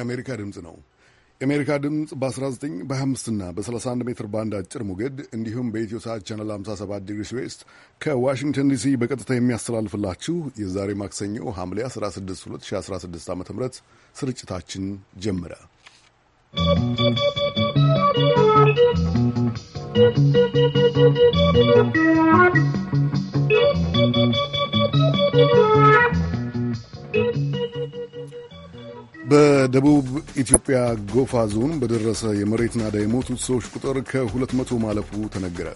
የአሜሪካ ድምፅ ነው። የአሜሪካ ድምፅ በ19 25 እና በ31 ሜትር ባንድ አጭር ሞገድ እንዲሁም በኢትዮ ሰዓት ቻናል 57 ዲግሪስ ዌስት ከዋሽንግተን ዲሲ በቀጥታ የሚያስተላልፍላችሁ የዛሬ ማክሰኞ ሐምሌ 16 2016 ዓ ም ስርጭታችን ጀምረ። በደቡብ ኢትዮጵያ ጎፋ ዞን በደረሰ የመሬት ናዳ የሞቱት ሰዎች ቁጥር ከሁለት መቶ ማለፉ ተነገረ።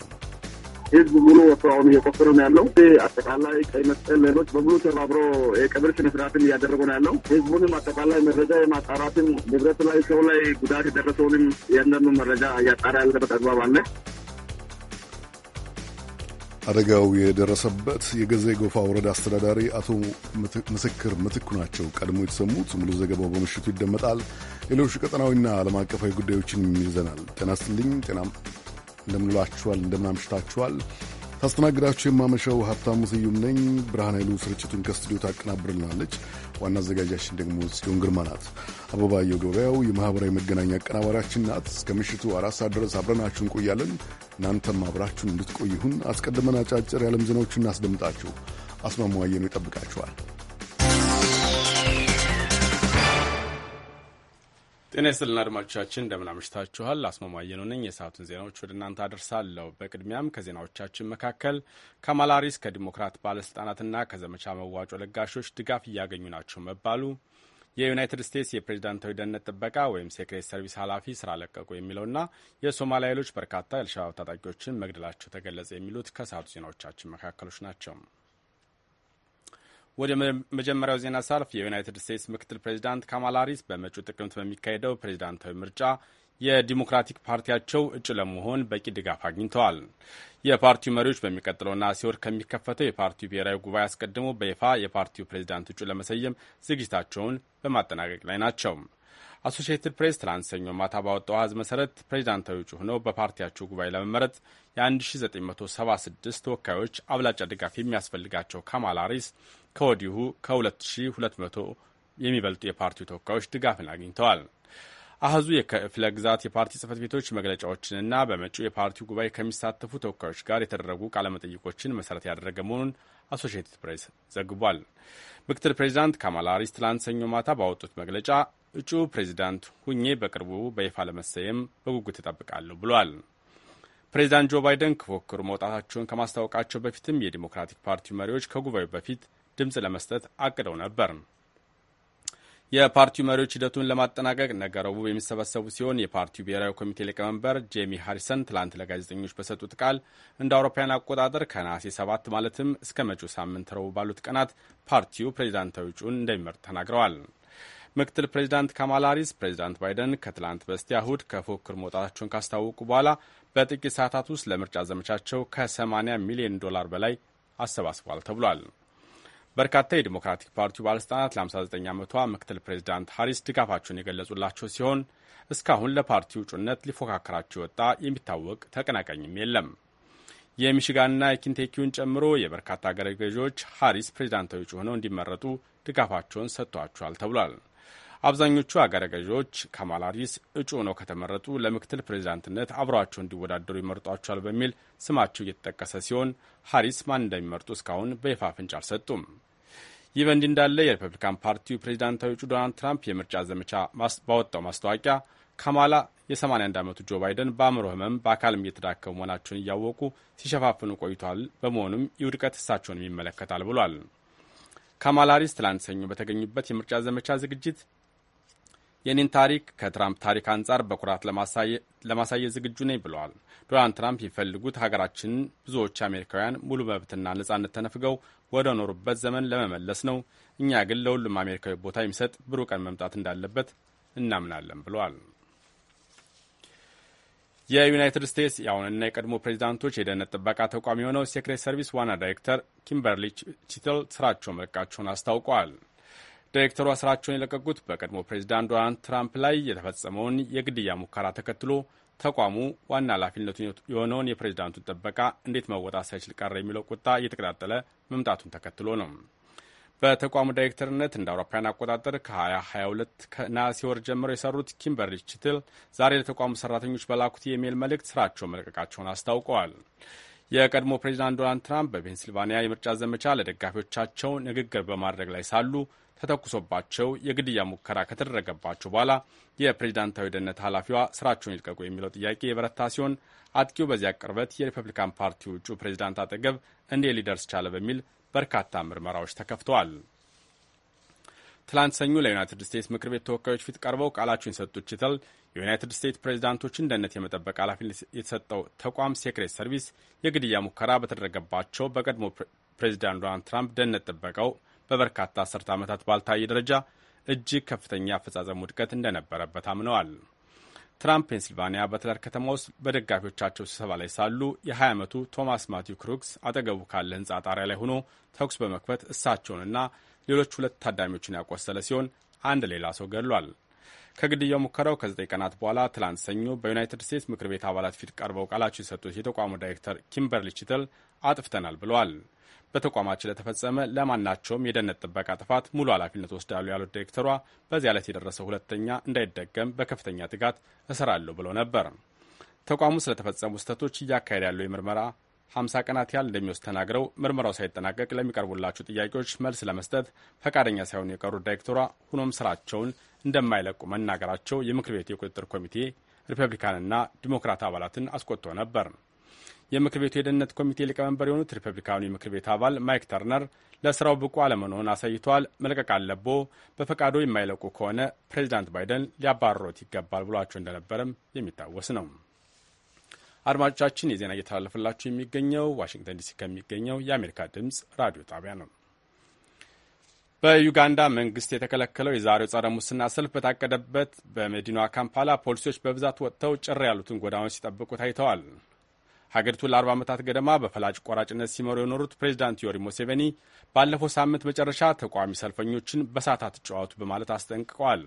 ህዝብ ሙሉ ወጥተው እየቆፈሩ ነው ያለው። አጠቃላይ ቀይ መስቀል፣ ሌሎች በሙሉ ተባብሮ የቀብር ስርዓትን እያደረጉ ነው ያለው። ህዝቡንም አጠቃላይ መረጃ የማጣራትን ንብረት ላይ ሰው ላይ ጉዳት የደረሰውንም እያንዳንዱ መረጃ እያጣራ ያለበት አግባብ አለ። አደጋው የደረሰበት የገዜ ጎፋ ወረዳ አስተዳዳሪ አቶ ምስክር ምትኩ ናቸው። ቀድሞ የተሰሙት ሙሉ ዘገባው በምሽቱ ይደመጣል። ሌሎች ቀጠናዊና ዓለም አቀፋዊ ጉዳዮችን ይዘናል። ጤና ይስጥልኝ። ጤና እንደምንሏችኋል፣ እንደምናምሽታችኋል። ታስተናግዳችሁ የማመሻው ሀብታሙ ስዩም ነኝ። ብርሃን ኃይሉ ስርጭቱን ከስቱዲዮ ታቀናብርልናለች። ዋና አዘጋጃችን ደግሞ ጽዮን ግርማ ናት። አበባየው ገበያው የማኅበራዊ መገናኛ አቀናባሪያችን ናት። እስከ ምሽቱ አራት ሰዓት ድረስ አብረናችሁ እንቆያለን። እናንተም አብራችሁን እንድትቆይሁን አስቀድመን አጫጭር የዓለም ዜናዎችን እናስደምጣችሁ። አስማማዋየኑ ይጠብቃችኋል። ጤና ይስጥልን አድማጮቻችን፣ እንደምን አምሽታችኋል። አስማማየ ነው ነኝ። የሰዓቱን ዜናዎች ወደ እናንተ አደርሳለሁ። በቅድሚያም ከዜናዎቻችን መካከል ካማላ ሃሪስ ከዲሞክራት ባለስልጣናትና ከዘመቻ መዋጮ ለጋሾች ድጋፍ እያገኙ ናቸው መባሉ፣ የዩናይትድ ስቴትስ የፕሬዝዳንታዊ ደህንነት ጥበቃ ወይም ሴክሬት ሰርቪስ ኃላፊ ስራ ለቀቁ የሚለውና የሶማሊያ ኃይሎች በርካታ የአልሸባብ ታጣቂዎችን መግደላቸው ተገለጸ የሚሉት ከሰዓቱ ዜናዎቻችን መካከሎች ናቸው። ወደ መጀመሪያው ዜና ሳልፍ የዩናይትድ ስቴትስ ምክትል ፕሬዚዳንት ካማላ ሃሪስ በመጪው ጥቅምት በሚካሄደው ፕሬዚዳንታዊ ምርጫ የዲሞክራቲክ ፓርቲያቸው እጩ ለመሆን በቂ ድጋፍ አግኝተዋል። የፓርቲው መሪዎች በሚቀጥለው ነሐሴ ወር ከሚከፈተው የፓርቲው ብሔራዊ ጉባኤ አስቀድሞ በይፋ የፓርቲው ፕሬዚዳንት እጩ ለመሰየም ዝግጅታቸውን በማጠናቀቅ ላይ ናቸው። አሶሺየትድ ፕሬስ ትላንት ሰኞ ማታ ባወጣው አሃዝ መሰረት ፕሬዚዳንታዊ እጩ ሆነው በፓርቲያቸው ጉባኤ ለመመረጥ የ1976 ተወካዮች አብላጫ ድጋፍ የሚያስፈልጋቸው ካማላ ሃሪስ ከወዲሁ ከ2200 የሚበልጡ የፓርቲው ተወካዮች ድጋፍን አግኝተዋል። አህዙ የክፍለ ግዛት የፓርቲ ጽህፈት ቤቶች መግለጫዎችንና በመጪው የፓርቲው ጉባኤ ከሚሳተፉ ተወካዮች ጋር የተደረጉ ቃለመጠይቆችን መሰረት ያደረገ መሆኑን አሶሽየትድ ፕሬስ ዘግቧል። ምክትል ፕሬዚዳንት ካማላ ሃሪስ ትላንት ሰኞ ማታ ባወጡት መግለጫ እጩ ፕሬዚዳንት ሁኜ በቅርቡ በይፋ ለመሰየም በጉጉት እጠብቃለሁ ብሏል። ፕሬዚዳንት ጆ ባይደን ከፉክክሩ መውጣታቸውን ከማስታወቃቸው በፊትም የዲሞክራቲክ ፓርቲው መሪዎች ከጉባኤው በፊት ድምፅ ለመስጠት አቅደው ነበር። የፓርቲው መሪዎች ሂደቱን ለማጠናቀቅ ነገ ረቡዕ የሚሰበሰቡ ሲሆን የፓርቲው ብሔራዊ ኮሚቴ ሊቀመንበር ጄሚ ሃሪሰን ትላንት ለጋዜጠኞች በሰጡት ቃል እንደ አውሮፓውያን አቆጣጠር ከነሐሴ ሰባት ማለትም እስከ መጪው ሳምንት ረቡዕ ባሉት ቀናት ፓርቲው ፕሬዚዳንታዊ እጩን እንደሚመርጥ ተናግረዋል። ምክትል ፕሬዚዳንት ካማላ ሃሪስ ፕሬዚዳንት ባይደን ከትላንት በስቲያ እሁድ ከፉክክር መውጣታቸውን ካስታወቁ በኋላ በጥቂት ሰዓታት ውስጥ ለምርጫ ዘመቻቸው ከ80 ሚሊዮን ዶላር በላይ አሰባስቧል ተብሏል። በርካታ የዲሞክራቲክ ፓርቲው ባለስልጣናት ለ59 ዓመቷ ምክትል ፕሬዚዳንት ሀሪስ ድጋፋቸውን የገለጹላቸው ሲሆን እስካሁን ለፓርቲው እጩነት ሊፎካከራቸው የወጣ የሚታወቅ ተቀናቃኝም የለም። የሚሽጋንና የኪንቴኪውን ጨምሮ የበርካታ አገረ ገዢዎች ሃሪስ ፕሬዚዳንታዊ እጩ ሆነው እንዲመረጡ ድጋፋቸውን ሰጥቷቸዋል ተብሏል። አብዛኞቹ አገረ ገዢዎች ካማላ ሃሪስ እጩ ነው ከተመረጡ ለምክትል ፕሬዚዳንትነት አብረዋቸው እንዲወዳደሩ ይመርጧቸዋል በሚል ስማቸው እየተጠቀሰ ሲሆን ሃሪስ ማን እንደሚመርጡ እስካሁን በይፋ ፍንጭ አልሰጡም። ይህ በእንዲህ እንዳለ የሪፐብሊካን ፓርቲው ፕሬዚዳንታዊ እጩ ዶናልድ ትራምፕ የምርጫ ዘመቻ ባወጣው ማስታወቂያ ካማላ የ81 ዓመቱ ጆ ባይደን በአእምሮ ህመም በአካልም እየተዳከሙ መሆናቸውን እያወቁ ሲሸፋፍኑ ቆይቷል። በመሆኑም ይህ ውድቀት እሳቸውንም ይመለከታል ብሏል። ካማላ ሃሪስ ትላንት ሰኞ በተገኙበት የምርጫ ዘመቻ ዝግጅት የኔን ታሪክ ከትራምፕ ታሪክ አንጻር በኩራት ለማሳየት ዝግጁ ነኝ ብለዋል። ዶናልድ ትራምፕ የሚፈልጉት ሀገራችንን ብዙዎች አሜሪካውያን ሙሉ መብትና ነጻነት ተነፍገው ወደ ኖሩበት ዘመን ለመመለስ ነው። እኛ ግን ለሁሉም አሜሪካዊ ቦታ የሚሰጥ ብሩህ ቀን መምጣት እንዳለበት እናምናለን ብለዋል። የዩናይትድ ስቴትስ የአሁንና የቀድሞ ፕሬዚዳንቶች የደህንነት ጥበቃ ተቋም የሆነው ሴክሬት ሰርቪስ ዋና ዳይሬክተር ኪምበርሊ ቺትል ስራቸው መልቃቸውን አስታውቀዋል። ዳይሬክተሩ ስራቸውን የለቀቁት በቀድሞ ፕሬዚዳንት ዶናልድ ትራምፕ ላይ የተፈጸመውን የግድያ ሙከራ ተከትሎ ተቋሙ ዋና ኃላፊነቱ የሆነውን የፕሬዚዳንቱን ጥበቃ እንዴት መወጣት ሳይችል ቀረ የሚለው ቁጣ እየተቀጣጠለ መምጣቱን ተከትሎ ነው። በተቋሙ ዳይሬክተርነት እንደ አውሮፓውያን አቆጣጠር ከ2022 ከነሐሴ ወር ጀምሮ የሰሩት ኪምበርሊ ችትል ዛሬ ለተቋሙ ሰራተኞች በላኩት የኢሜይል መልእክት ስራቸውን መልቀቃቸውን አስታውቀዋል። የቀድሞ ፕሬዚዳንት ዶናልድ ትራምፕ በፔንሲልቫኒያ የምርጫ ዘመቻ ለደጋፊዎቻቸው ንግግር በማድረግ ላይ ሳሉ ተተኩሶባቸው የግድያ ሙከራ ከተደረገባቸው በኋላ የፕሬዚዳንታዊ ደህንነት ኃላፊዋ ስራቸውን ይልቀቁ የሚለው ጥያቄ የበረታ ሲሆን አጥቂው በዚያ ቅርበት የሪፐብሊካን ፓርቲ ውጩ ፕሬዚዳንት አጠገብ እንዴት ሊደርስ ቻለ በሚል በርካታ ምርመራዎች ተከፍተዋል። ትላንት ሰኞ ለዩናይትድ ስቴትስ ምክር ቤት ተወካዮች ፊት ቀርበው ቃላቸውን የሰጡት ችተል የዩናይትድ ስቴትስ ፕሬዚዳንቶችን ደህንነት የመጠበቅ ኃላፊነት የተሰጠው ተቋም ሴክሬት ሰርቪስ የግድያ ሙከራ በተደረገባቸው በቀድሞ ፕሬዚዳንት ዶናልድ ትራምፕ ደህንነት ጥበቃው በበርካታ አስርተ ዓመታት ባልታየ ደረጃ እጅግ ከፍተኛ አፈጻጸም ውድቀት እንደነበረበት አምነዋል። ትራምፕ ፔንሲልቫኒያ በትለር ከተማ ውስጥ በደጋፊዎቻቸው ስብሰባ ላይ ሳሉ የ20 ዓመቱ ቶማስ ማቲው ክሩክስ አጠገቡ ካለ ህንፃ ጣሪያ ላይ ሆኖ ተኩስ በመክፈት እሳቸውንና ሌሎች ሁለት ታዳሚዎችን ያቆሰለ ሲሆን አንድ ሌላ ሰው ገድሏል። ከግድያው ሙከራው ከዘጠኝ ቀናት በኋላ ትላንት ሰኞ በዩናይትድ ስቴትስ ምክር ቤት አባላት ፊት ቀርበው ቃላቸው የሰጡት የተቋሙ ዳይሬክተር ኪምበርሊ ችትል አጥፍተናል ብለዋል። በተቋማችን ለተፈጸመ ለማናቸውም የደህንነት ጥበቃ ጥፋት ሙሉ ኃላፊነት ወስዳሉ ያሉት ዲሬክተሯ በዚህ ዕለት የደረሰ ሁለተኛ እንዳይደገም በከፍተኛ ትጋት እሰራለሁ ብለው ነበር። ተቋሙ ስለተፈጸሙ ስህተቶች እያካሄድ ያለው የምርመራ 50 ቀናት ያህል እንደሚወስድ ተናግረው ምርመራው ሳይጠናቀቅ ለሚቀርቡላቸው ጥያቄዎች መልስ ለመስጠት ፈቃደኛ ሳይሆኑ የቀሩት ዳይሬክተሯ ሆኖም ስራቸውን እንደማይለቁ መናገራቸው የምክር ቤት የቁጥጥር ኮሚቴ ሪፐብሊካንና ዲሞክራት አባላትን አስቆጥቶ ነበር። የምክር ቤቱ የደህንነት ኮሚቴ ሊቀመንበር የሆኑት ሪፐብሊካኑ የምክር ቤት አባል ማይክ ተርነር ለስራው ብቁ አለመሆኑን አሳይተዋል። መልቀቅ አለቦ በፈቃዶ የማይለቁ ከሆነ ፕሬዚዳንት ባይደን ሊያባርሮት ይገባል ብሏቸው እንደነበረም የሚታወስ ነው። አድማጮቻችን የዜና እየተላለፈላችሁ የሚገኘው ዋሽንግተን ዲሲ ከሚገኘው የአሜሪካ ድምፅ ራዲዮ ጣቢያ ነው። በዩጋንዳ መንግስት የተከለከለው የዛሬው ጸረ ሙስና ሰልፍ በታቀደበት በመዲናዋ ካምፓላ ፖሊሶች በብዛት ወጥተው ጭር ያሉትን ጎዳናዎች ሲጠብቁ ታይተዋል። ሀገሪቱን ለአርባ ዓመታት ገደማ በፈላጭ ቆራጭነት ሲመሩ የኖሩት ፕሬዚዳንት ዮሪ ሙሴቬኒ ባለፈው ሳምንት መጨረሻ ተቋሚ ሰልፈኞችን በሳት አትጫወቱ በማለት አስጠንቅቀዋል።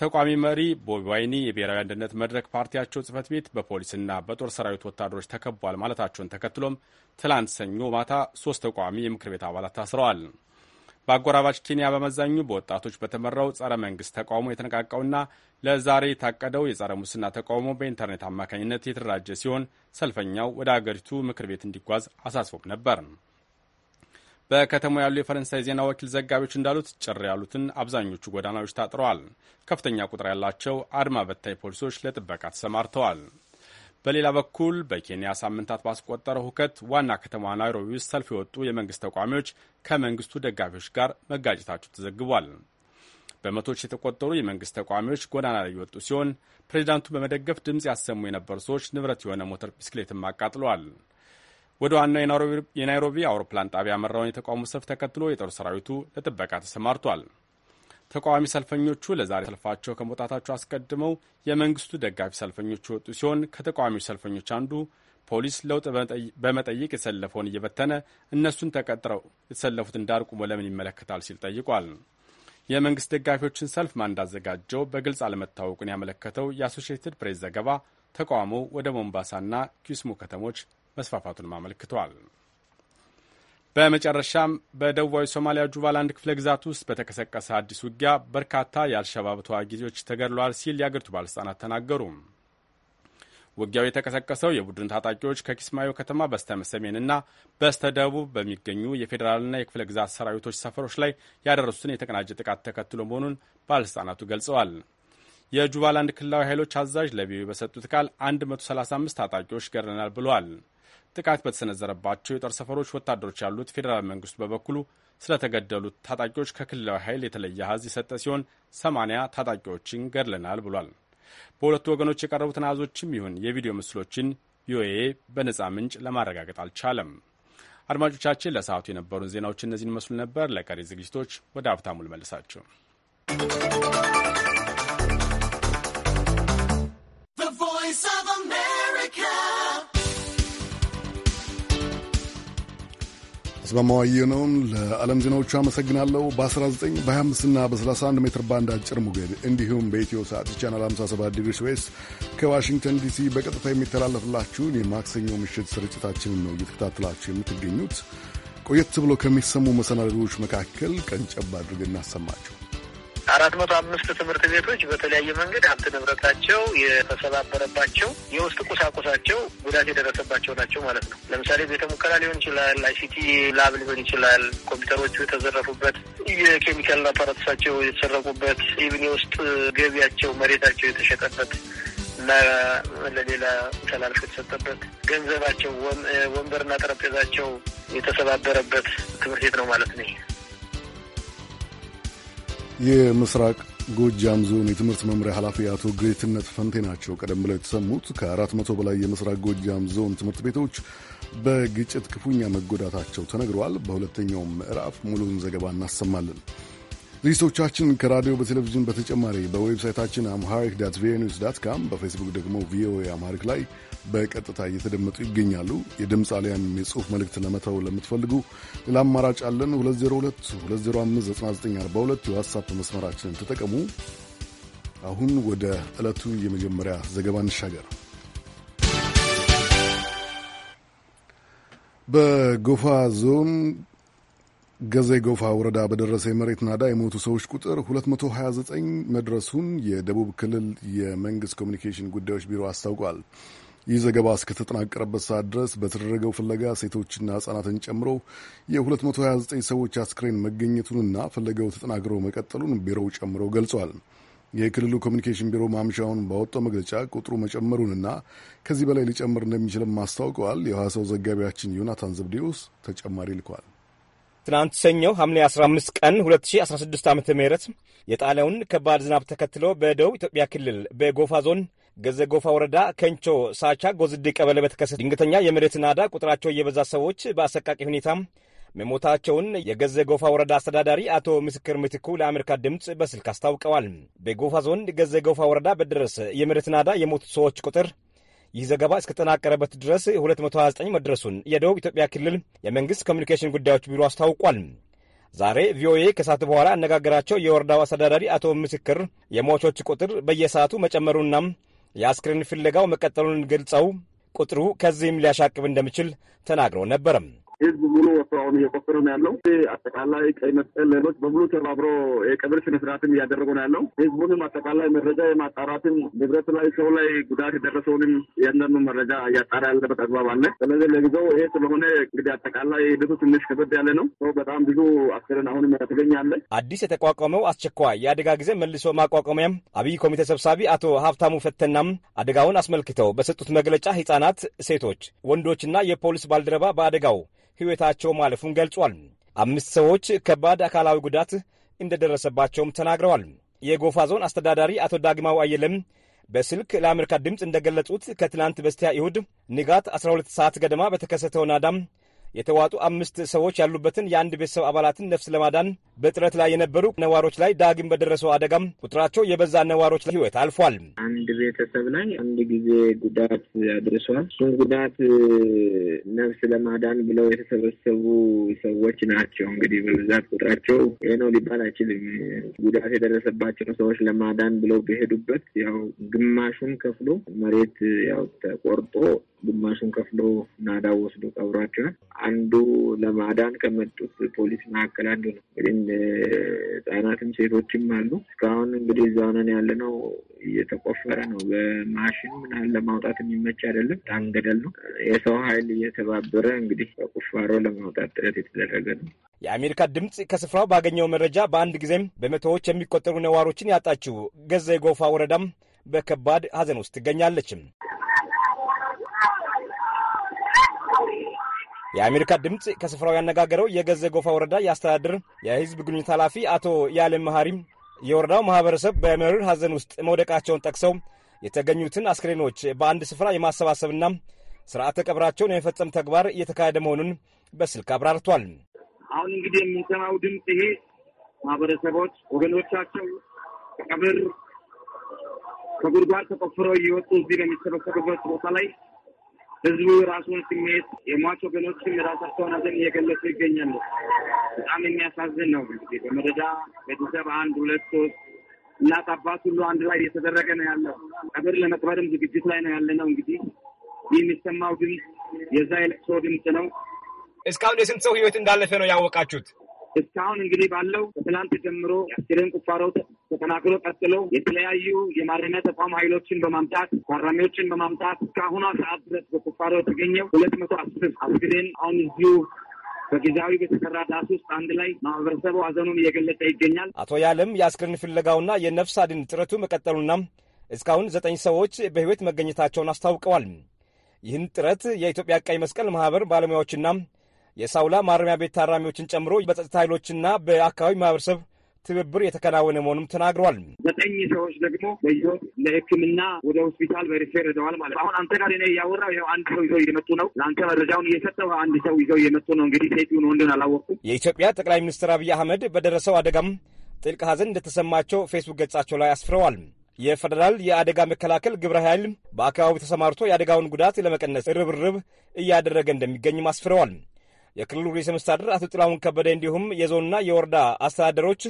ተቃዋሚ መሪ ቦቢ ዋይኒ የብሔራዊ አንድነት መድረክ ፓርቲያቸው ጽህፈት ቤት በፖሊስና በጦር ሰራዊት ወታደሮች ተከቧል ማለታቸውን ተከትሎም ትላንት ሰኞ ማታ ሶስት ተቋሚ የምክር ቤት አባላት ታስረዋል። በአጎራባች ኬንያ በመዛኙ በወጣቶች በተመራው ጸረ መንግስት ተቃውሞ የተነቃቀውና ለዛሬ የታቀደው የጸረ ሙስና ተቃውሞ በኢንተርኔት አማካኝነት የተደራጀ ሲሆን ሰልፈኛው ወደ አገሪቱ ምክር ቤት እንዲጓዝ አሳስቦም ነበር። በከተማው ያሉ የፈረንሳይ ዜና ወኪል ዘጋቢዎች እንዳሉት ጭር ያሉትን አብዛኞቹ ጎዳናዎች ታጥረዋል። ከፍተኛ ቁጥር ያላቸው አድማ በታይ ፖሊሶች ለጥበቃ ተሰማርተዋል። በሌላ በኩል በኬንያ ሳምንታት ባስቆጠረው ሁከት ዋና ከተማ ናይሮቢ ውስጥ ሰልፍ የወጡ የመንግስት ተቋሚዎች ከመንግስቱ ደጋፊዎች ጋር መጋጨታቸው ተዘግቧል። በመቶዎች የተቆጠሩ የመንግስት ተቋሚዎች ጎዳና ላይ የወጡ ሲሆን ፕሬዚዳንቱ በመደገፍ ድምፅ ያሰሙ የነበሩ ሰዎች ንብረት የሆነ ሞተር ብስክሌትም አቃጥለዋል። ወደ ዋናው የናይሮቢ አውሮፕላን ጣቢያ መራውን የተቃውሞ ሰልፍ ተከትሎ የጦር ሰራዊቱ ለጥበቃ ተሰማርቷል። ተቃዋሚ ሰልፈኞቹ ለዛሬ ሰልፋቸው ከመውጣታቸው አስቀድመው የመንግስቱ ደጋፊ ሰልፈኞች የወጡ ሲሆን ከተቃዋሚ ሰልፈኞች አንዱ ፖሊስ ለውጥ በመጠየቅ የተሰለፈውን እየበተነ እነሱን ተቀጥረው የተሰለፉት ዳር ለምን ይመለከታል ሲል ጠይቋል። የመንግስት ደጋፊዎችን ሰልፍ ማን እንዳዘጋጀው በግልጽ አለመታወቁን ያመለከተው የአሶሽየትድ ፕሬስ ዘገባ ተቃውሞ ወደ ሞምባሳና ኪስሙ ከተሞች መስፋፋቱንም አመልክቷል። በመጨረሻም በደቡባዊ ሶማሊያ ጁባላንድ ክፍለ ግዛት ውስጥ በተቀሰቀሰ አዲስ ውጊያ በርካታ የአልሸባብ ተዋጊዎች ተገድለዋል ሲል የአገሪቱ ባለሥልጣናት ተናገሩ። ውጊያው የተቀሰቀሰው የቡድን ታጣቂዎች ከኪስማዮ ከተማ በስተ ሰሜንና በስተ ደቡብ በሚገኙ የፌዴራልና የክፍለ ግዛት ሰራዊቶች ሰፈሮች ላይ ያደረሱትን የተቀናጀ ጥቃት ተከትሎ መሆኑን ባለሥልጣናቱ ገልጸዋል። የጁባላንድ ክልላዊ ኃይሎች አዛዥ ለቪዮኤ በሰጡት ቃል 135 ታጣቂዎች ገድለናል ብለዋል። ጥቃት በተሰነዘረባቸው የጦር ሰፈሮች ወታደሮች ያሉት ፌዴራል መንግስቱ በበኩሉ ስለተገደሉት ታጣቂዎች ከክልላዊ ኃይል የተለየ አሃዝ የሰጠ ሲሆን ሰማንያ ታጣቂዎችን ገድለናል ብሏል። በሁለቱ ወገኖች የቀረቡትን አሃዞችም ይሁን የቪዲዮ ምስሎችን ቪኦኤ በነጻ ምንጭ ለማረጋገጥ አልቻለም። አድማጮቻችን ለሰዓቱ የነበሩን ዜናዎች እነዚህን መስሉ ነበር። ለቀሪ ዝግጅቶች ወደ ሀብታሙ ልመልሳቸው። አስማማው ለዓለም ዜናዎቹ አመሰግናለሁ። በ19 በ25ና በ31 ሜትር ባንድ አጭር ሞገድ እንዲሁም በኢትዮ ሰዓት ቻናል 57 ዲግሪ ስዌስ ከዋሽንግተን ዲሲ በቀጥታ የሚተላለፍላችሁን የማክሰኞ ምሽት ስርጭታችንን ነው እየተከታተላችሁ የምትገኙት። ቆየት ብሎ ከሚሰሙ መሰናዶዎች መካከል ቀንጨብ አድርገን እናሰማችሁ። አራት መቶ አምስት ትምህርት ቤቶች በተለያየ መንገድ ሀብት ንብረታቸው የተሰባበረባቸው የውስጥ ቁሳቁሳቸው ጉዳት የደረሰባቸው ናቸው ማለት ነው። ለምሳሌ ቤተ ሙከራ ሊሆን ይችላል፣ አይሲቲ ላብ ሊሆን ይችላል፣ ኮምፒውተሮቹ የተዘረፉበት፣ የኬሚካል አፓራቶሳቸው የተሰረቁበት፣ ኢቭን የውስጥ ገቢያቸው መሬታቸው የተሸጠበት እና ለሌላ ተላልፎ የተሰጠበት ገንዘባቸው፣ ወንበርና ጠረጴዛቸው የተሰባበረበት ትምህርት ቤት ነው ማለት ነው። የምስራቅ ጎጃም ዞን የትምህርት መምሪያ ኃላፊ አቶ ግትነት ፈንቴ ናቸው። ቀደም ብለው የተሰሙት ከአራት መቶ በላይ የምስራቅ ጎጃም ዞን ትምህርት ቤቶች በግጭት ክፉኛ መጎዳታቸው ተነግረዋል። በሁለተኛው ምዕራፍ ሙሉውን ዘገባ እናሰማለን። ዝግጅቶቻችን ከራዲዮ በቴሌቪዥን በተጨማሪ በዌብሳይታችን አምሃሪክ ዳት ቪኦኤ ኒውስ ዳት ካም በፌስቡክ ደግሞ ቪኦኤ አምሃሪክ ላይ በቀጥታ እየተደመጡ ይገኛሉ። የድምፅ አሊያም የጽሑፍ መልእክት ለመተው ለምትፈልጉ ሌላ አማራጭ አለን። 2022059942 የዋትሳፕ መስመራችንን ተጠቀሙ። አሁን ወደ ዕለቱ የመጀመሪያ ዘገባ እንሻገር። በጎፋ ዞን ገዜ ጎፋ ወረዳ በደረሰ የመሬት ናዳ የሞቱ ሰዎች ቁጥር 229 መድረሱን የደቡብ ክልል የመንግስት ኮሚኒኬሽን ጉዳዮች ቢሮ አስታውቋል። ይህ ዘገባ እስከተጠናቀረበት ሰዓት ድረስ በተደረገው ፍለጋ ሴቶችና ህጻናትን ጨምሮ የ229 ሰዎች አስክሬን መገኘቱንና ፍለጋው ተጠናክሮ መቀጠሉን ቢሮው ጨምሮ ገልጿል። የክልሉ ኮሚኒኬሽን ቢሮ ማምሻውን ባወጣው መግለጫ ቁጥሩ መጨመሩንና ከዚህ በላይ ሊጨምር እንደሚችልም ማስታውቀዋል። የሐዋሳው ዘጋቢያችን ዮናታን ዘብዴዎስ ተጨማሪ ልኳል። ትናንት ሰኞ ሐምሌ 15 ቀን 2016 ዓ ም የጣለውን ከባድ ዝናብ ተከትሎ በደቡብ ኢትዮጵያ ክልል በጎፋ ዞን ገዘጎፋ ወረዳ ከንቾ ሳቻ ጎዝዴ ቀበሌ በተከሰተ ድንገተኛ የመሬት ናዳ ቁጥራቸው የበዛ ሰዎች በአሰቃቂ ሁኔታ መሞታቸውን የገዜ ጎፋ ወረዳ አስተዳዳሪ አቶ ምስክር ምትኩ ለአሜሪካ ድምፅ በስልክ አስታውቀዋል። በጎፋ ዞን ገዜ ጎፋ ወረዳ በደረሰ የመሬት ናዳ የሞቱ ሰዎች ቁጥር ይህ ዘገባ እስከጠናቀረበት ድረስ 229 መድረሱን የደቡብ ኢትዮጵያ ክልል የመንግሥት ኮሚኒኬሽን ጉዳዮች ቢሮ አስታውቋል። ዛሬ ቪኦኤ ከሰዓት በኋላ አነጋገራቸው የወረዳው አስተዳዳሪ አቶ ምስክር የሟቾች ቁጥር በየሰዓቱ መጨመሩና የአስክሬን ፍለጋው መቀጠሉን ገልጸው ቁጥሩ ከዚህም ሊያሻቅብ እንደሚችል ተናግረው ነበርም። ህዝብ ሙሉ ወጥተውን እየቆፈረ ነው ያለው። አጠቃላይ ቀይ መስቀል፣ ሌሎች በሙሉ ተባብሮ የቀብር ስነስርዓትም እያደረጉ ነው ያለው። ህዝቡንም አጠቃላይ መረጃ የማጣራትም ንብረት ላይ ሰው ላይ ጉዳት የደረሰውንም ያንዳንዱ መረጃ እያጣራ ያለበት አግባብ አለ። ስለዚህ ለጊዜው ይሄ ስለሆነ እንግዲህ አጠቃላይ ሂደቱ ትንሽ ከበድ ያለ ነው። ሰው በጣም ብዙ አስከሬን አሁንም ያተገኛለ። አዲስ የተቋቋመው አስቸኳይ የአደጋ ጊዜ መልሶ ማቋቋሚያም አብይ ኮሚቴ ሰብሳቢ አቶ ሀብታሙ ፈተናም አደጋውን አስመልክተው በሰጡት መግለጫ ህጻናት፣ ሴቶች፣ ወንዶችና የፖሊስ ባልደረባ በአደጋው ሕይወታቸው ማለፉን ገልጿል። አምስት ሰዎች ከባድ አካላዊ ጉዳት እንደደረሰባቸውም ተናግረዋል። የጎፋ ዞን አስተዳዳሪ አቶ ዳግማው አየለም በስልክ ለአሜሪካ ድምፅ እንደገለጹት ከትናንት በስቲያ ይሁድ ንጋት 12 ሰዓት ገደማ በተከሰተው ናዳም የተዋጡ አምስት ሰዎች ያሉበትን የአንድ ቤተሰብ አባላትን ነፍስ ለማዳን በጥረት ላይ የነበሩ ነዋሪዎች ላይ ዳግም በደረሰው አደጋም ቁጥራቸው የበዛ ነዋሪዎች ላይ ህይወት አልፏል። አንድ ቤተሰብ ላይ አንድ ጊዜ ጉዳት አድርሷል። እሱም ጉዳት ነፍስ ለማዳን ብለው የተሰበሰቡ ሰዎች ናቸው። እንግዲህ በብዛት ቁጥራቸው ይህ ነው ሊባል አይችልም። ጉዳት የደረሰባቸው ሰዎች ለማዳን ብለው በሄዱበት ያው ግማሹን ከፍሎ መሬት ያው ተቆርጦ ግማሹን ከፍሎ ናዳ ወስዶ ቀብሯቸዋል። አንዱ ለማዳን ከመጡት ፖሊስ መካከል አንዱ ነው። እንግዲህ ህጻናትም ሴቶችም አሉ። እስካሁን እንግዲህ እዛ ነን ያለ ነው። እየተቆፈረ ነው በማሽን ምናምን ለማውጣት የሚመች አይደለም። ታንገደል ነው። የሰው ኃይል እየተባበረ እንግዲህ በቁፋሮ ለማውጣት ጥረት የተደረገ ነው። የአሜሪካ ድምፅ ከስፍራው ባገኘው መረጃ በአንድ ጊዜም በመቶዎች የሚቆጠሩ ነዋሪዎችን ያጣችው ገዛ የጎፋ ወረዳም በከባድ ሀዘን ውስጥ ትገኛለችም። የአሜሪካ ድምፅ ከስፍራው ያነጋገረው የገዘ ጎፋ ወረዳ የአስተዳደር የህዝብ ግንኙነት ኃላፊ አቶ ያለ መሀሪም የወረዳው ማህበረሰብ በመሪር ሀዘን ውስጥ መውደቃቸውን ጠቅሰው የተገኙትን አስክሬኖች በአንድ ስፍራ የማሰባሰብና ስርዓተ ቀብራቸውን የመፈጸም ተግባር እየተካሄደ መሆኑን በስልክ አብራርቷል። አሁን እንግዲህ የምንሰማው ድምፅ ይሄ ማህበረሰቦች ወገኖቻቸው ቀብር ከጉድጓድ ተቆፍረው እየወጡ እዚህ በሚሰበሰቡበት ቦታ ላይ ህዝቡ ራሱን ስሜት የሟች ወገኖችም የራሳቸውን ሀዘን እየገለጹ ይገኛሉ። በጣም የሚያሳዝን ነው። እንግዲህ በመደዳ ቤተሰብ አንድ ሁለት ሶስት እናት አባት ሁሉ አንድ ላይ እየተደረገ ነው ያለው። ቀብር ለመቅበርም ዝግጅት ላይ ነው ያለ ነው። እንግዲህ ይህ የሚሰማው ድምፅ የዛ የለቅሶ ድምፅ ነው። እስካሁን የስንት ሰው ህይወት እንዳለፈ ነው ያወቃችሁት? እስካሁን እንግዲህ ባለው ከትላንት ጀምሮ የአስክሬን ቁፋሮ ተጠናክሮ ቀጥሎ የተለያዩ የማረሚያ ተቋም ኃይሎችን በማምጣት ታራሚዎችን በማምጣት እስካሁኗ ሰዓት ድረስ በቁፋሮ የተገኘው ሁለት መቶ አስር አስክሬን አሁን እዚሁ በጊዜያዊ በተሰራ ዳስ ውስጥ አንድ ላይ ማህበረሰቡ ሀዘኑን እየገለጸ ይገኛል። አቶ ያለም የአስክሬን ፍለጋውና የነፍስ አድን ጥረቱ መቀጠሉና እስካሁን ዘጠኝ ሰዎች በህይወት መገኘታቸውን አስታውቀዋል። ይህን ጥረት የኢትዮጵያ ቀይ መስቀል ማህበር ባለሙያዎችና የሳውላ ማረሚያ ቤት ታራሚዎችን ጨምሮ በጸጥታ ኃይሎችና በአካባቢ ማህበረሰብ ትብብር የተከናወነ መሆኑም ተናግሯል። ዘጠኝ ሰዎች ደግሞ በህይወት ለሕክምና ወደ ሆስፒታል በሪፌር ሄደዋል ማለት አሁን አንተ ጋር እኔ እያወራሁ ይኸው አንድ ሰው ይዘው እየመጡ ነው። ለአንተ መረጃውን እየሰጠው አንድ ሰው ይዘው እየመጡ ነው። እንግዲህ ሴትን ወንድን አላወቅኩም። የኢትዮጵያ ጠቅላይ ሚኒስትር አብይ አህመድ በደረሰው አደጋም ጥልቅ ሐዘን እንደተሰማቸው ፌስቡክ ገጻቸው ላይ አስፍረዋል። የፌዴራል የአደጋ መከላከል ግብረ ኃይል በአካባቢው ተሰማርቶ የአደጋውን ጉዳት ለመቀነስ ርብርብ እያደረገ እንደሚገኝም አስፍረዋል። የክልሉ ርዕሰ መስተዳድር አቶ ጥላሁን ከበደ እንዲሁም የዞንና የወረዳ አስተዳደሮች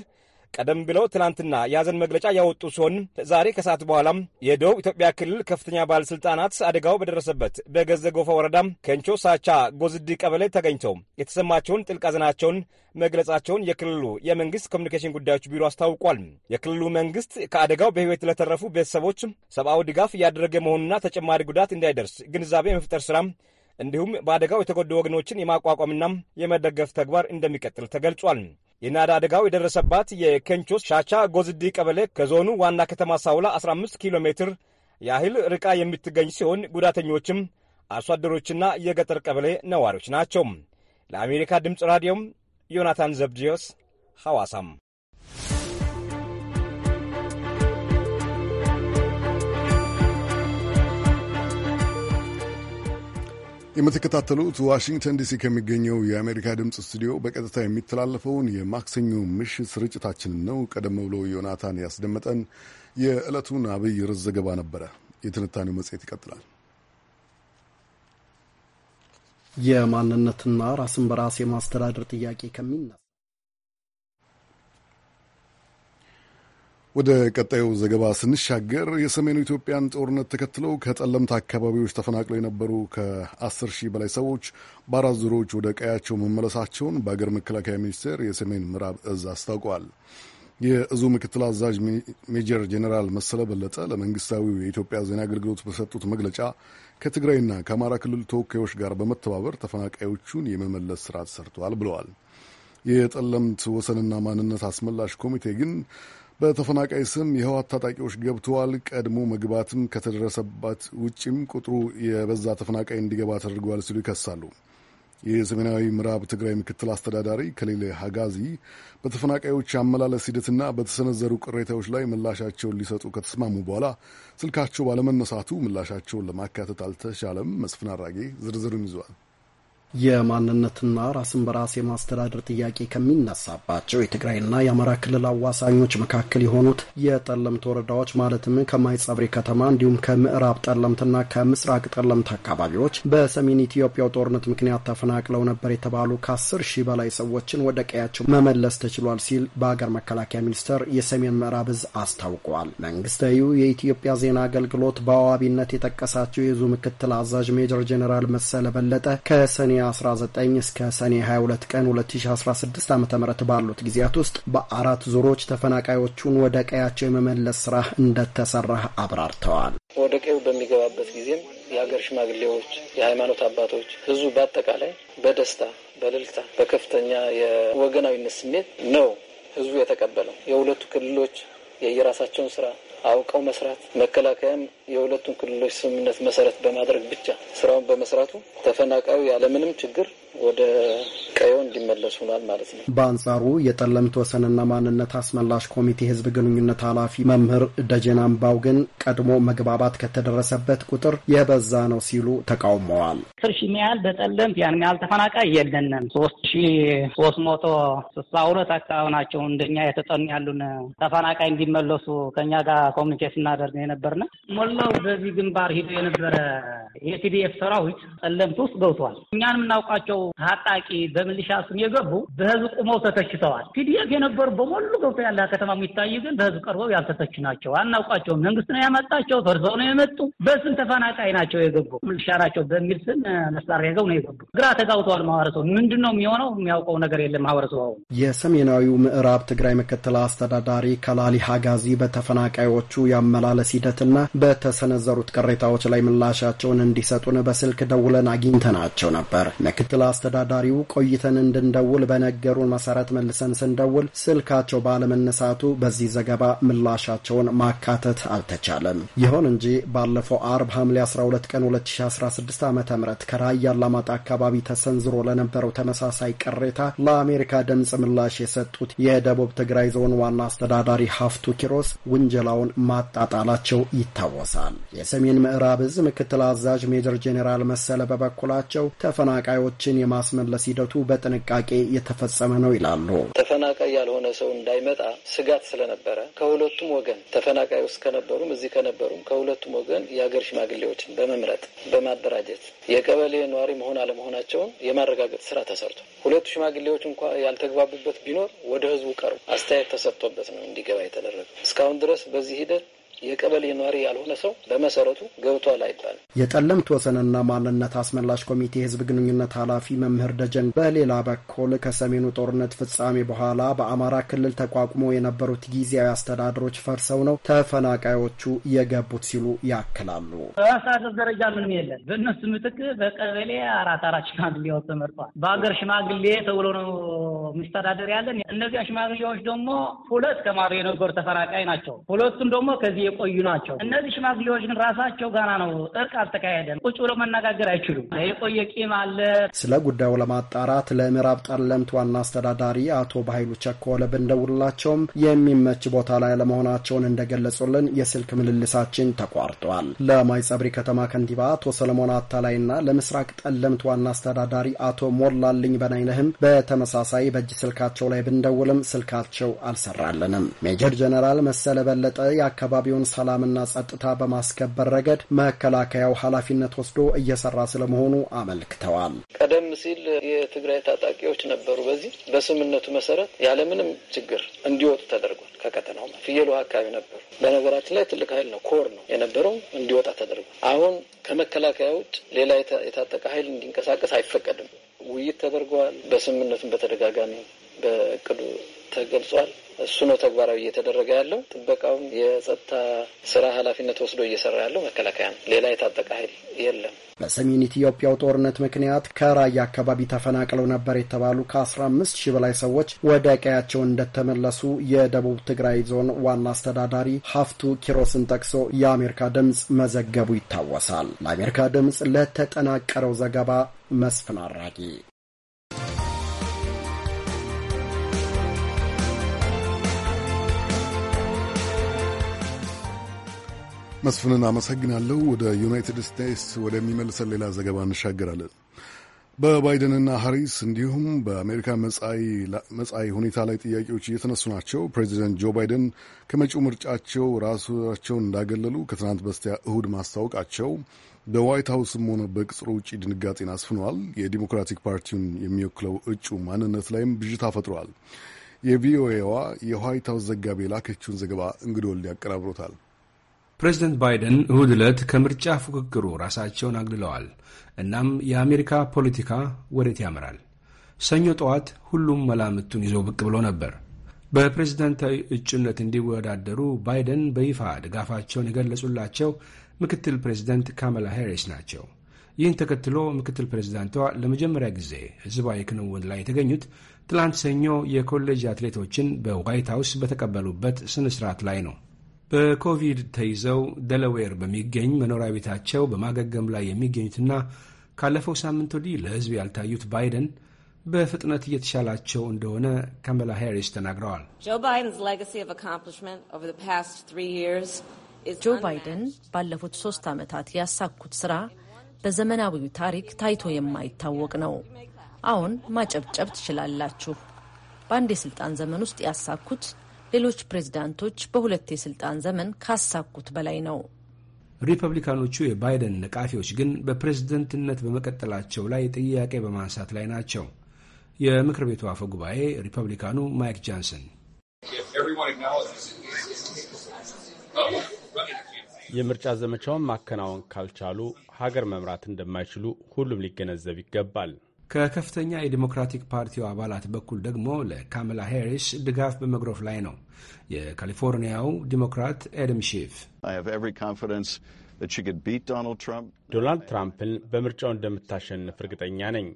ቀደም ብለው ትናንትና የሐዘን መግለጫ ያወጡ ሲሆን ዛሬ ከሰዓት በኋላም የደቡብ ኢትዮጵያ ክልል ከፍተኛ ባለሥልጣናት አደጋው በደረሰበት በገዘ ጎፋ ወረዳ ከንቾ ሳቻ ጎዝዲ ቀበሌ ተገኝተው የተሰማቸውን ጥልቅ ሐዘናቸውን መግለጻቸውን የክልሉ የመንግሥት ኮሚኒኬሽን ጉዳዮች ቢሮ አስታውቋል። የክልሉ መንግሥት ከአደጋው በሕይወት ለተረፉ ቤተሰቦች ሰብአዊ ድጋፍ እያደረገ መሆኑና ተጨማሪ ጉዳት እንዳይደርስ ግንዛቤ የመፍጠር ሥራ እንዲሁም በአደጋው የተጎዱ ወገኖችን የማቋቋምና የመደገፍ ተግባር እንደሚቀጥል ተገልጿል። የናዳ አደጋው የደረሰባት የኬንቾስ ሻቻ ጎዝዲ ቀበሌ ከዞኑ ዋና ከተማ ሳውላ 15 ኪሎ ሜትር ያህል ርቃ የምትገኝ ሲሆን ጉዳተኞችም አርሶ አደሮችና የገጠር ቀበሌ ነዋሪዎች ናቸው። ለአሜሪካ ድምፅ ራዲዮም ዮናታን ዘብዲዮስ ሐዋሳም የምትከታተሉት ዋሽንግተን ዲሲ ከሚገኘው የአሜሪካ ድምፅ ስቱዲዮ በቀጥታ የሚተላለፈውን የማክሰኞ ምሽት ስርጭታችንን ነው። ቀደም ብሎ ዮናታን ያስደመጠን የዕለቱን አብይ ርዕስ ዘገባ ነበረ። የትንታኔው መጽሔት ይቀጥላል። የማንነትና ራስን በራስ የማስተዳደር ጥያቄ ከሚነሳ ወደ ቀጣዩ ዘገባ ስንሻገር የሰሜኑ ኢትዮጵያን ጦርነት ተከትለው ከጠለምት አካባቢዎች ተፈናቅለው የነበሩ ከአስር ሺህ በላይ ሰዎች በአራት ዙሮዎች ወደ ቀያቸው መመለሳቸውን በአገር መከላከያ ሚኒስቴር የሰሜን ምዕራብ እዝ አስታውቋል። የእዙ ምክትል አዛዥ ሜጀር ጄኔራል መሰለ በለጠ ለመንግስታዊው የኢትዮጵያ ዜና አገልግሎት በሰጡት መግለጫ ከትግራይና ከአማራ ክልል ተወካዮች ጋር በመተባበር ተፈናቃዮቹን የመመለስ ስራ ተሰርተዋል ብለዋል። የጠለምት ወሰንና ማንነት አስመላሽ ኮሚቴ ግን በተፈናቃይ ስም የህወሓት ታጣቂዎች ገብተዋል፣ ቀድሞ መግባትም ከተደረሰባት ውጭም ቁጥሩ የበዛ ተፈናቃይ እንዲገባ ተደርገዋል ሲሉ ይከሳሉ። የሰሜናዊ ምዕራብ ትግራይ ምክትል አስተዳዳሪ ከሌለ ሀጋዚ በተፈናቃዮች አመላለስ ሂደትና በተሰነዘሩ ቅሬታዎች ላይ ምላሻቸውን ሊሰጡ ከተስማሙ በኋላ ስልካቸው ባለመነሳቱ ምላሻቸውን ለማካተት አልተቻለም። መስፍን አራጌ ዝርዝሩን ይዟል። የማንነትና ራስን በራስ የማስተዳደር ጥያቄ ከሚነሳባቸው የትግራይና የአማራ ክልል አዋሳኞች መካከል የሆኑት የጠለምት ወረዳዎች ማለትም ከማይጸብሪ ከተማ እንዲሁም ከምዕራብ ጠለምትና ከምስራቅ ጠለምት አካባቢዎች በሰሜን ኢትዮጵያው ጦርነት ምክንያት ተፈናቅለው ነበር የተባሉ ከአስር ሺህ በላይ ሰዎችን ወደ ቀያቸው መመለስ ተችሏል ሲል በአገር መከላከያ ሚኒስቴር የሰሜን ምዕራብ እዝ አስታውቋል። መንግስታዊ የኢትዮጵያ ዜና አገልግሎት በአዋቢነት የጠቀሳቸው የዙ ምክትል አዛዥ ሜጀር ጄኔራል መሰለ በለጠ ከሰኔ 19 እስከ ሰኔ 22 ቀን 2016 ዓ ም ባሉት ጊዜያት ውስጥ በአራት ዙሮች ተፈናቃዮቹን ወደ ቀያቸው የመመለስ ስራ እንደተሰራ አብራርተዋል። ወደ ቀዩ በሚገባበት ጊዜም የሀገር ሽማግሌዎች፣ የሃይማኖት አባቶች፣ ህዝቡ በአጠቃላይ በደስታ በልልታ በከፍተኛ የወገናዊነት ስሜት ነው ህዝቡ የተቀበለው። የሁለቱ ክልሎች የየራሳቸውን ስራ አውቀው መስራት፣ መከላከያም የሁለቱን ክልሎች ስምምነት መሰረት በማድረግ ብቻ ስራውን በመስራቱ ተፈናቃዩ ያለምንም ችግር ወደ ቀዮ እንዲመለሱ ሆኗል ማለት ነው። በአንጻሩ የጠለምት ወሰንና ማንነት አስመላሽ ኮሚቴ ህዝብ ግንኙነት ኃላፊ መምህር ደጀና አምባው ግን ቀድሞ መግባባት ከተደረሰበት ቁጥር የበዛ ነው ሲሉ ተቃውመዋል። አስር ሺህ ሚያህል በጠለምት ያን ያህል ተፈናቃይ የለንም። ሶስት ሺ ሶስት መቶ ስልሳ ሁለት አካባቢ ናቸው እንደኛ የተጠኑ ያሉን ተፈናቃይ እንዲመለሱ ከኛ ጋር ኮሚኒኬት እናደርግ የነበርነ ሞላው በዚህ ግንባር ሂዶ የነበረ የቲዲኤፍ ሰራዊት ጠለምት ውስጥ ገብቷል። እኛን የምናውቃቸው ታጣቂ በሚሊሻ ስም የገቡ በህዝብ ቁመው ተተችተዋል። ፒዲኤፍ የነበሩ በሞሉ ገብቶ ያለ ከተማ የሚታይ ግን በህዝብ ቀርበው ያልተተች ናቸው። አናውቃቸውም። መንግስት ነው ያመጣቸው፣ ፈርሰው ነው የመጡ። በስም ተፈናቃይ ናቸው የገቡ ሚሊሻ ናቸው በሚል ስም መሳሪያ ይዘው ነው የገቡ። ግራ ተጋብተዋል ማህበረሰቡ። ምንድን ነው የሚሆነው? የሚያውቀው ነገር የለም ማህበረሰቡ። የሰሜናዊው ምዕራብ ትግራይ ምክትል አስተዳዳሪ ከላሊ ሀጋዚ በተፈናቃዮቹ የአመላለስ ሂደትና በተሰነዘሩት ቅሬታዎች ላይ ምላሻቸውን እንዲሰጡን በስልክ ደውለን አግኝተናቸው ነበር። ምክትል አስተዳዳሪው ቆይተን እንድንደውል በነገሩን መሰረት መልሰን ስንደውል ስልካቸው ባለመነሳቱ በዚህ ዘገባ ምላሻቸውን ማካተት አልተቻለም። ይሁን እንጂ ባለፈው አርብ ሐምሌ 12 ቀን 2016 ዓ ም ከራያ አላማጣ አካባቢ ተሰንዝሮ ለነበረው ተመሳሳይ ቅሬታ ለአሜሪካ ድምፅ ምላሽ የሰጡት የደቡብ ትግራይ ዞን ዋና አስተዳዳሪ ሀፍቱ ኪሮስ ውንጀላውን ማጣጣላቸው ይታወሳል። የሰሜን ምዕራብ እዝ ምክትል አዛዥ ሜጀር ጄኔራል መሰለ በበኩላቸው ተፈናቃዮችን ተፈናቃዮችን የማስመለስ ሂደቱ በጥንቃቄ የተፈጸመ ነው ይላሉ። ተፈናቃይ ያልሆነ ሰው እንዳይመጣ ስጋት ስለነበረ ከሁለቱም ወገን ተፈናቃይ ውስጥ ከነበሩም እዚህ ከነበሩም ከሁለቱም ወገን የሀገር ሽማግሌዎችን በመምረጥ በማደራጀት የቀበሌ ነዋሪ መሆን አለመሆናቸውን የማረጋገጥ ስራ ተሰርቷል። ሁለቱ ሽማግሌዎች እንኳ ያልተግባቡበት ቢኖር ወደ ህዝቡ ቀርቡ አስተያየት ተሰጥቶበት ነው እንዲገባ የተደረገ። እስካሁን ድረስ በዚህ ሂደት የቀበሌ ነዋሪ ያልሆነ ሰው በመሰረቱ ገብቷል አይባልም። የጠለምት ወሰንና ማንነት አስመላሽ ኮሚቴ የህዝብ ግንኙነት ኃላፊ መምህር ደጀን በሌላ በኩል ከሰሜኑ ጦርነት ፍጻሜ በኋላ በአማራ ክልል ተቋቁሞ የነበሩት ጊዜያዊ አስተዳደሮች ፈርሰው ነው ተፈናቃዮቹ የገቡት ሲሉ ያክላሉ። በአስተሳሰብ ደረጃ ምንም የለም። በእነሱ ምትክ በቀበሌ አራት አራት ሽማግሌዎች ተመርጧል። በሀገር ሽማግሌ ተብሎ ነው የሚስተዳደር ያለን። እነዚያ ሽማግሌዎች ደግሞ ሁለት ከማሩ የነበሩ ተፈናቃይ ናቸው። ሁለቱም ደግሞ ከዚህ የቆዩ ናቸው። እነዚህ ሽማግሌዎች ግን ራሳቸው ገና ነው እርቅ አልተካሄደም። ቁጭ ብሎ መነጋገር አይችሉም። የቆየ ቂም አለ። ስለ ጉዳዩ ለማጣራት ለምዕራብ ጠለምት ዋና አስተዳዳሪ አቶ በኃይሉ ቸኮለ ብንደውልላቸውም የሚመች ቦታ ላይ ለመሆናቸውን እንደገለጹልን የስልክ ምልልሳችን ተቋርጧል። ለማይጸብሪ ከተማ ከንቲባ አቶ ሰለሞን አታላይና ለምስራቅ ጠለምት ዋና አስተዳዳሪ አቶ ሞላልኝ በናይነህም በተመሳሳይ በእጅ ስልካቸው ላይ ብንደውልም ስልካቸው አልሰራልንም። ሜጀር ጀነራል መሰለ በለጠ የአካባቢው የአካባቢውን ሰላምና ጸጥታ በማስከበር ረገድ መከላከያው ኃላፊነት ወስዶ እየሰራ ስለመሆኑ አመልክተዋል። ቀደም ሲል የትግራይ ታጣቂዎች ነበሩ። በዚህ በስምነቱ መሰረት ያለምንም ችግር እንዲወጡ ተደርጓል። ከቀጠናው ፍየል ውሃ አካባቢ ነበሩ። በነገራችን ላይ ትልቅ ኃይል ነው፣ ኮር ነው የነበረው። እንዲወጣ ተደርጓል። አሁን ከመከላከያ ውጭ ሌላ የታጠቀ ኃይል እንዲንቀሳቀስ አይፈቀድም። ውይይት ተደርገዋል። በስምነቱም በተደጋጋሚ በእቅዱ ተገልጿል። እሱ ነው ተግባራዊ እየተደረገ ያለው። ጥበቃውም የጸጥታ ስራ ኃላፊነት ወስዶ እየሰራ ያለው መከላከያ ነው። ሌላ የታጠቀ ኃይል የለም። በሰሜን ኢትዮጵያው ጦርነት ምክንያት ከራያ አካባቢ ተፈናቅለው ነበር የተባሉ ከ አምስት ሺህ በላይ ሰዎች ወደ ቀያቸው እንደተመለሱ የደቡብ ትግራይ ዞን ዋና አስተዳዳሪ ሀፍቱ ኪሮስን ጠቅሶ የአሜሪካ ድምፅ መዘገቡ ይታወሳል። ለአሜሪካ ድምፅ ለተጠናቀረው ዘገባ መስፍን አራጌ መስፍንን አመሰግናለሁ። ወደ ዩናይትድ ስቴትስ ወደሚመልሰን ሌላ ዘገባ እንሻገራለን። በባይደንና ሀሪስ እንዲሁም በአሜሪካ መጻኢ ሁኔታ ላይ ጥያቄዎች እየተነሱ ናቸው። ፕሬዚደንት ጆ ባይደን ከመጪው ምርጫቸው ራሳቸውን እንዳገለሉ ከትናንት በስቲያ እሁድ ማስታወቃቸው በዋይት ሀውስም ሆነ በቅጽሩ ውጭ ድንጋጤን አስፍነዋል። የዲሞክራቲክ ፓርቲውን የሚወክለው እጩ ማንነት ላይም ብዥታ ፈጥሯል። የቪኦኤዋ የዋይት ሀውስ ዘጋቢ የላከችውን ዘገባ እንግዶ ወልድ ፕሬዝደንት ባይደን እሁድ ዕለት ከምርጫ ፉክክሩ ራሳቸውን አግልለዋል። እናም የአሜሪካ ፖለቲካ ወዴት ያመራል? ሰኞ ጠዋት ሁሉም መላምቱን ይዘው ብቅ ብሎ ነበር። በፕሬዝደንታዊ እጩነት እንዲወዳደሩ ባይደን በይፋ ድጋፋቸውን የገለጹላቸው ምክትል ፕሬዝደንት ካማላ ሄሪስ ናቸው። ይህን ተከትሎ ምክትል ፕሬዚዳንቷ ለመጀመሪያ ጊዜ ሕዝባዊ ክንውን ላይ የተገኙት ትላንት ሰኞ የኮሌጅ አትሌቶችን በዋይት ሀውስ በተቀበሉበት ስነ ስርዓት ላይ ነው። በኮቪድ ተይዘው ደለዌር በሚገኝ መኖሪያ ቤታቸው በማገገም ላይ የሚገኙትና ካለፈው ሳምንት ወዲህ ለሕዝብ ያልታዩት ባይደን በፍጥነት እየተሻላቸው እንደሆነ ከመላ ሃሪስ ተናግረዋል። ጆ ባይደን ባለፉት ሶስት ዓመታት ያሳኩት ሥራ በዘመናዊው ታሪክ ታይቶ የማይታወቅ ነው። አሁን ማጨብጨብ ትችላላችሁ። በአንድ የሥልጣን ዘመን ውስጥ ያሳኩት ሌሎች ፕሬዚዳንቶች በሁለት የስልጣን ዘመን ካሳኩት በላይ ነው። ሪፐብሊካኖቹ የባይደን ነቃፊዎች ግን በፕሬዝደንትነት በመቀጠላቸው ላይ ጥያቄ በማንሳት ላይ ናቸው። የምክር ቤቱ አፈ ጉባኤ ሪፐብሊካኑ ማይክ ጃንሰን የምርጫ ዘመቻውን ማከናወን ካልቻሉ ሀገር መምራት እንደማይችሉ ሁሉም ሊገነዘብ ይገባል። ከከፍተኛ የዲሞክራቲክ ፓርቲው አባላት በኩል ደግሞ ለካማላ ሄሪስ ድጋፍ በመግረፍ ላይ ነው። የካሊፎርኒያው ዲሞክራት ኤደም ሺፍ ዶናልድ ትራምፕን በምርጫው እንደምታሸንፍ እርግጠኛ ነኝ።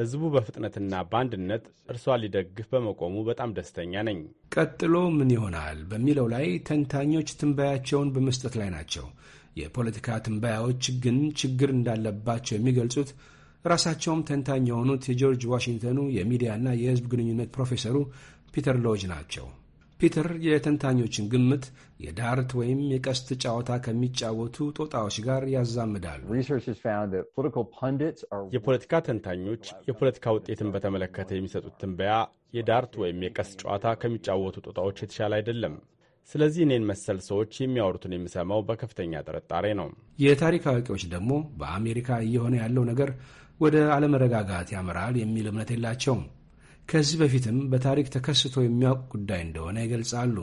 ሕዝቡ በፍጥነትና በአንድነት እርሷን ሊደግፍ በመቆሙ በጣም ደስተኛ ነኝ። ቀጥሎ ምን ይሆናል በሚለው ላይ ተንታኞች ትንበያቸውን በመስጠት ላይ ናቸው። የፖለቲካ ትንበያዎች ግን ችግር እንዳለባቸው የሚገልጹት ራሳቸውም ተንታኝ የሆኑት የጆርጅ ዋሽንግተኑ የሚዲያና የሕዝብ ግንኙነት ፕሮፌሰሩ ፒተር ሎጅ ናቸው። ፒተር የተንታኞችን ግምት የዳርት ወይም የቀስት ጨዋታ ከሚጫወቱ ጦጣዎች ጋር ያዛምዳሉ። የፖለቲካ ተንታኞች የፖለቲካ ውጤትን በተመለከተ የሚሰጡት ትንበያ የዳርት ወይም የቀስት ጨዋታ ከሚጫወቱ ጦጣዎች የተሻለ አይደለም። ስለዚህ እኔን መሰል ሰዎች የሚያወሩትን የሚሰማው በከፍተኛ ጥርጣሬ ነው። የታሪክ አዋቂዎች ደግሞ በአሜሪካ እየሆነ ያለው ነገር ወደ አለመረጋጋት ያመራል የሚል እምነት የላቸውም። ከዚህ በፊትም በታሪክ ተከስቶ የሚያውቅ ጉዳይ እንደሆነ ይገልጻሉ።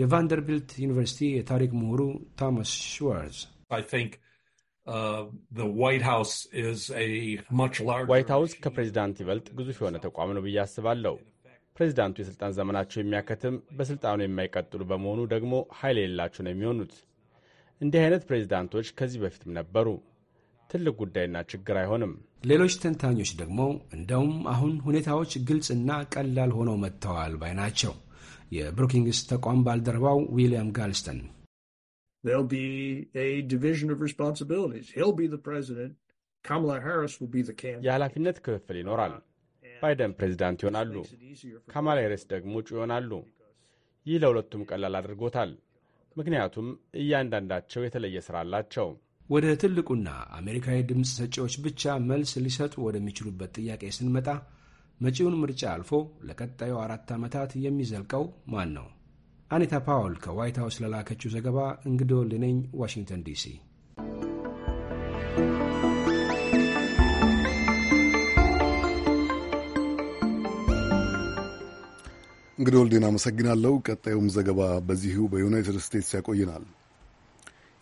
የቫንደርቢልት ዩኒቨርሲቲ የታሪክ ምሁሩ ቶማስ ሽዋርዝ ዋይት ሀውስ ከፕሬዚዳንት ይበልጥ ግዙፍ የሆነ ተቋም ነው ብዬ አስባለሁ። ፕሬዚዳንቱ የሥልጣን ዘመናቸው የሚያከትም በሥልጣኑ የማይቀጥሉ በመሆኑ ደግሞ ኃይል የሌላቸው ነው የሚሆኑት። እንዲህ አይነት ፕሬዚዳንቶች ከዚህ በፊትም ነበሩ። ትልቅ ጉዳይና ችግር አይሆንም። ሌሎች ተንታኞች ደግሞ እንደውም አሁን ሁኔታዎች ግልጽና ቀላል ሆነው መጥተዋል ባይ ናቸው። የብሩኪንግስ ተቋም ባልደረባው ዊልያም ጋልስተን የኃላፊነት ክፍፍል ይኖራል። ባይደን ፕሬዚዳንት ይሆናሉ፣ ካማላ ሄሪስ ደግሞ እጩ ይሆናሉ። ይህ ለሁለቱም ቀላል አድርጎታል። ምክንያቱም እያንዳንዳቸው የተለየ ስራ አላቸው። ወደ ትልቁና አሜሪካዊ ድምፅ ሰጪዎች ብቻ መልስ ሊሰጡ ወደሚችሉበት ጥያቄ ስንመጣ መጪውን ምርጫ አልፎ ለቀጣዩ አራት ዓመታት የሚዘልቀው ማን ነው? አኒታ ፓውል ከዋይት ሀውስ ለላከችው ዘገባ እንግዶ ልነኝ ዋሽንግተን ዲሲ። እንግዲህ ወልዴን አመሰግናለሁ። ቀጣዩም ዘገባ በዚሁ በዩናይትድ ስቴትስ ያቆየናል።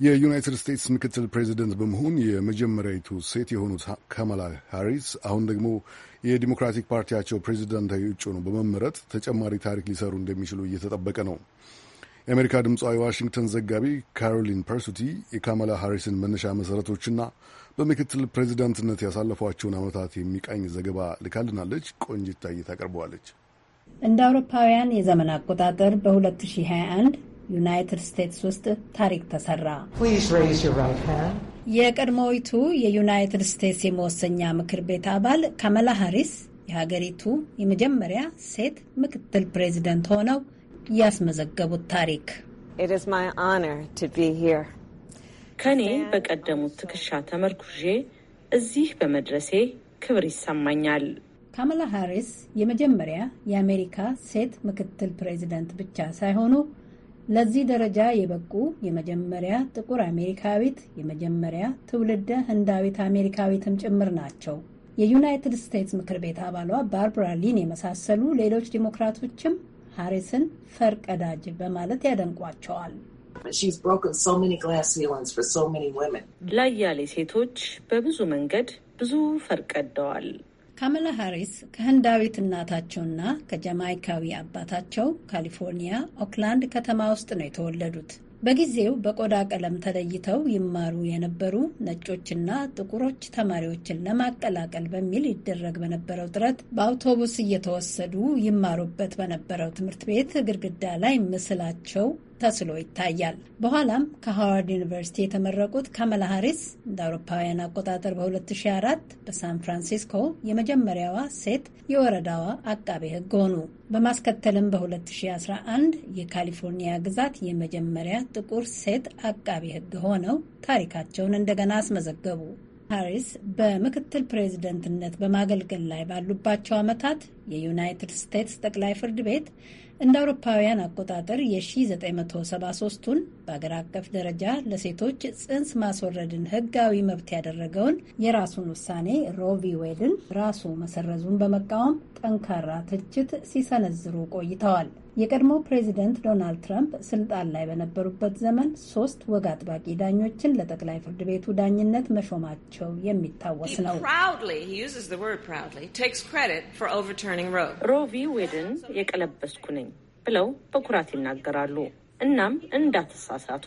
የዩናይትድ ስቴትስ ምክትል ፕሬዚደንት በመሆን የመጀመሪያዊቱ ሴት የሆኑት ካማላ ሃሪስ አሁን ደግሞ የዲሞክራቲክ ፓርቲያቸው ፕሬዚደንታዊ እጩ ነው በመመረጥ ተጨማሪ ታሪክ ሊሰሩ እንደሚችሉ እየተጠበቀ ነው። የአሜሪካ ድምጿ የዋሽንግተን ዘጋቢ ካሮሊን ፐርሱቲ የካማላ ሃሪስን መነሻ መሰረቶችና በምክትል ፕሬዚደንትነት ያሳለፏቸውን ዓመታት የሚቃኝ ዘገባ ልካልናለች። ቆንጅት ታዬ ታቀርበዋለች። እንደ አውሮፓውያን የዘመን አቆጣጠር በ2021 ዩናይትድ ስቴትስ ውስጥ ታሪክ ተሰራ። የቀድሞዊቱ የዩናይትድ ስቴትስ የመወሰኛ ምክር ቤት አባል ካመላ ሃሪስ የሀገሪቱ የመጀመሪያ ሴት ምክትል ፕሬዚደንት ሆነው ያስመዘገቡት ታሪክ ከኔ በቀደሙት ትከሻ ተመርኩዤ እዚህ በመድረሴ ክብር ይሰማኛል። ካመላ ሃሪስ የመጀመሪያ የአሜሪካ ሴት ምክትል ፕሬዚደንት ብቻ ሳይሆኑ ለዚህ ደረጃ የበቁ የመጀመሪያ ጥቁር አሜሪካዊት፣ የመጀመሪያ ትውልደ ህንዳዊት አሜሪካዊትም ጭምር ናቸው። የዩናይትድ ስቴትስ ምክር ቤት አባሏ ባርብራ ሊን የመሳሰሉ ሌሎች ዲሞክራቶችም ሃሪስን ፈርቀዳጅ በማለት ያደንቋቸዋል። ላይ ያለ ሴቶች በብዙ መንገድ ብዙ ፈርቀደዋል። ካመላ ሃሪስ ከህንዳዊት እናታቸውና ከጃማይካዊ አባታቸው ካሊፎርኒያ ኦክላንድ ከተማ ውስጥ ነው የተወለዱት። በጊዜው በቆዳ ቀለም ተለይተው ይማሩ የነበሩ ነጮችና ጥቁሮች ተማሪዎችን ለማቀላቀል በሚል ይደረግ በነበረው ጥረት በአውቶቡስ እየተወሰዱ ይማሩበት በነበረው ትምህርት ቤት ግድግዳ ላይ ምስላቸው ተስሎ ይታያል። በኋላም ከሃዋርድ ዩኒቨርሲቲ የተመረቁት ካመላ ሃሪስ እንደ አውሮፓውያን አቆጣጠር በ2004 በሳን ፍራንሲስኮ የመጀመሪያዋ ሴት የወረዳዋ አቃቤ ሕግ ሆኑ። በማስከተልም በ2011 የካሊፎርኒያ ግዛት የመጀመሪያ ጥቁር ሴት አቃቤ ሕግ ሆነው ታሪካቸውን እንደገና አስመዘገቡ። ሃሪስ በምክትል ፕሬዝደንትነት በማገልገል ላይ ባሉባቸው ዓመታት የዩናይትድ ስቴትስ ጠቅላይ ፍርድ ቤት እንደ አውሮፓውያን አቆጣጠር የ1973ቱን በአገር አቀፍ ደረጃ ለሴቶች ጽንስ ማስወረድን ሕጋዊ መብት ያደረገውን የራሱን ውሳኔ ሮቪ ዌድን ራሱ መሰረዙን በመቃወም ጠንካራ ትችት ሲሰነዝሩ ቆይተዋል። የቀድሞ ፕሬዚደንት ዶናልድ ትራምፕ ስልጣን ላይ በነበሩበት ዘመን ሶስት ወግ አጥባቂ ዳኞችን ለጠቅላይ ፍርድ ቤቱ ዳኝነት መሾማቸው የሚታወስ ነው። ሮቪ ዌድን የቀለበስኩ ነኝ ብለው በኩራት ይናገራሉ። እናም እንዳትሳሳቱ፣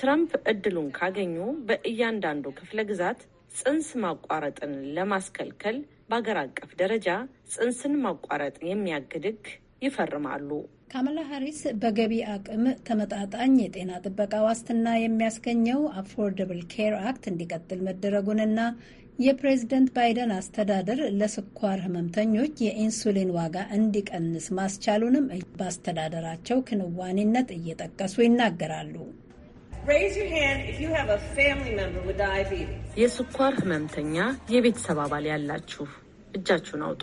ትራምፕ እድሉን ካገኙ በእያንዳንዱ ክፍለ ግዛት ጽንስ ማቋረጥን ለማስከልከል በአገር አቀፍ ደረጃ ጽንስን ማቋረጥ የሚያግድግ ይፈርማሉ። ካማላ ሀሪስ በገቢ አቅም ተመጣጣኝ የጤና ጥበቃ ዋስትና የሚያስገኘው አፎርደብል ኬር አክት እንዲቀጥል መደረጉንና የፕሬዝደንት ባይደን አስተዳደር ለስኳር ህመምተኞች የኢንሱሊን ዋጋ እንዲቀንስ ማስቻሉንም በአስተዳደራቸው ክንዋኔነት እየጠቀሱ ይናገራሉ። የስኳር ህመምተኛ የቤተሰብ አባል ያላችሁ እጃችሁን አውጡ።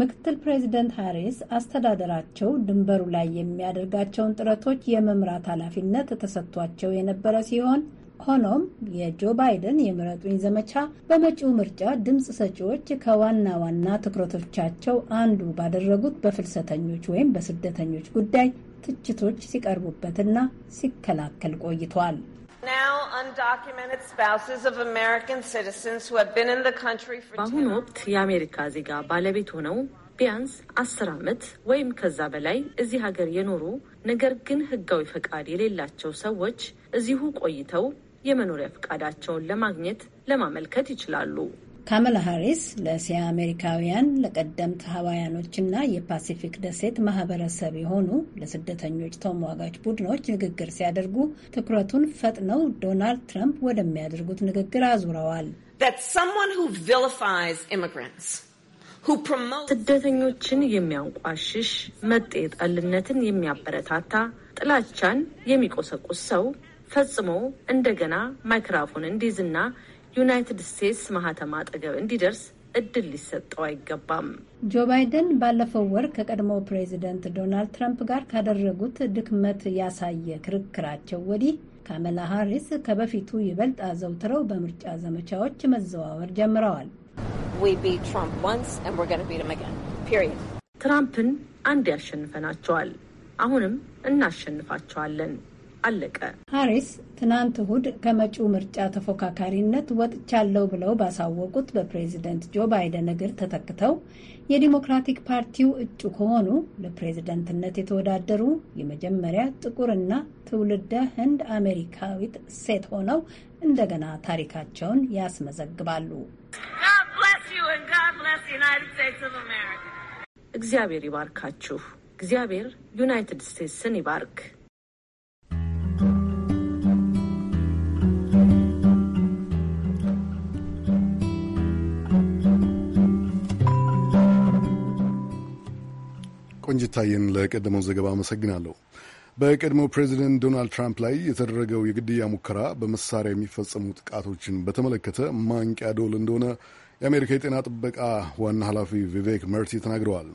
ምክትል ፕሬዚደንት ሃሪስ አስተዳደራቸው ድንበሩ ላይ የሚያደርጋቸውን ጥረቶች የመምራት ኃላፊነት ተሰጥቷቸው የነበረ ሲሆን ሆኖም የጆ ባይደን የምረጡኝ ዘመቻ በመጪው ምርጫ ድምፅ ሰጪዎች ከዋና ዋና ትኩረቶቻቸው አንዱ ባደረጉት በፍልሰተኞች ወይም በስደተኞች ጉዳይ ትችቶች ሲቀርቡበትና ሲከላከል ቆይቷል። በአሁኑ ወቅት የአሜሪካ ዜጋ ባለቤት ሆነው ቢያንስ አስር ዓመት ወይም ከዛ በላይ እዚህ ሀገር የኖሩ ነገር ግን ሕጋዊ ፈቃድ የሌላቸው ሰዎች እዚሁ ቆይተው የመኖሪያ ፈቃዳቸውን ለማግኘት ለማመልከት ይችላሉ። ካመላ ሃሪስ ለእስያ አሜሪካውያን፣ ለቀደምት ሀዋያኖችና የፓሲፊክ ደሴት ማህበረሰብ የሆኑ ለስደተኞች ተሟጋች ቡድኖች ንግግር ሲያደርጉ ትኩረቱን ፈጥነው ዶናልድ ትራምፕ ወደሚያደርጉት ንግግር አዙረዋል። ስደተኞችን የሚያንቋሽሽ መጤ ጠልነትን የሚያበረታታ ጥላቻን የሚቆሰቁስ ሰው ፈጽሞ እንደገና ማይክራፎን እንዲይዝና ዩናይትድ ስቴትስ ማህተም አጠገብ እንዲደርስ እድል ሊሰጠው አይገባም። ጆ ባይደን ባለፈው ወር ከቀድሞው ፕሬዚደንት ዶናልድ ትራምፕ ጋር ካደረጉት ድክመት ያሳየ ክርክራቸው ወዲህ ካመላ ሃሪስ ከበፊቱ ይበልጥ አዘውትረው በምርጫ ዘመቻዎች መዘዋወር ጀምረዋል። ትራምፕን አንድ ያሸንፈናቸዋል፣ አሁንም እናሸንፋቸዋለን። አለቀ። ሀሪስ ትናንት እሁድ ከመጪው ምርጫ ተፎካካሪነት ወጥቻለሁ ብለው ባሳወቁት በፕሬዚደንት ጆ ባይደን እግር ተተክተው የዲሞክራቲክ ፓርቲው እጩ ከሆኑ ለፕሬዝደንትነት የተወዳደሩ የመጀመሪያ ጥቁርና ትውልደ ህንድ አሜሪካዊት ሴት ሆነው እንደገና ታሪካቸውን ያስመዘግባሉ። እግዚአብሔር ይባርካችሁ። እግዚአብሔር ዩናይትድ ስቴትስን ይባርክ። ቆንጅታየን ለቀደመው ዘገባ አመሰግናለሁ። በቀድሞው ፕሬዚደንት ዶናልድ ትራምፕ ላይ የተደረገው የግድያ ሙከራ በመሳሪያ የሚፈጸሙ ጥቃቶችን በተመለከተ ማንቂያ ደወል እንደሆነ የአሜሪካ የጤና ጥበቃ ዋና ኃላፊ ቪቬክ መርቲ ተናግረዋል።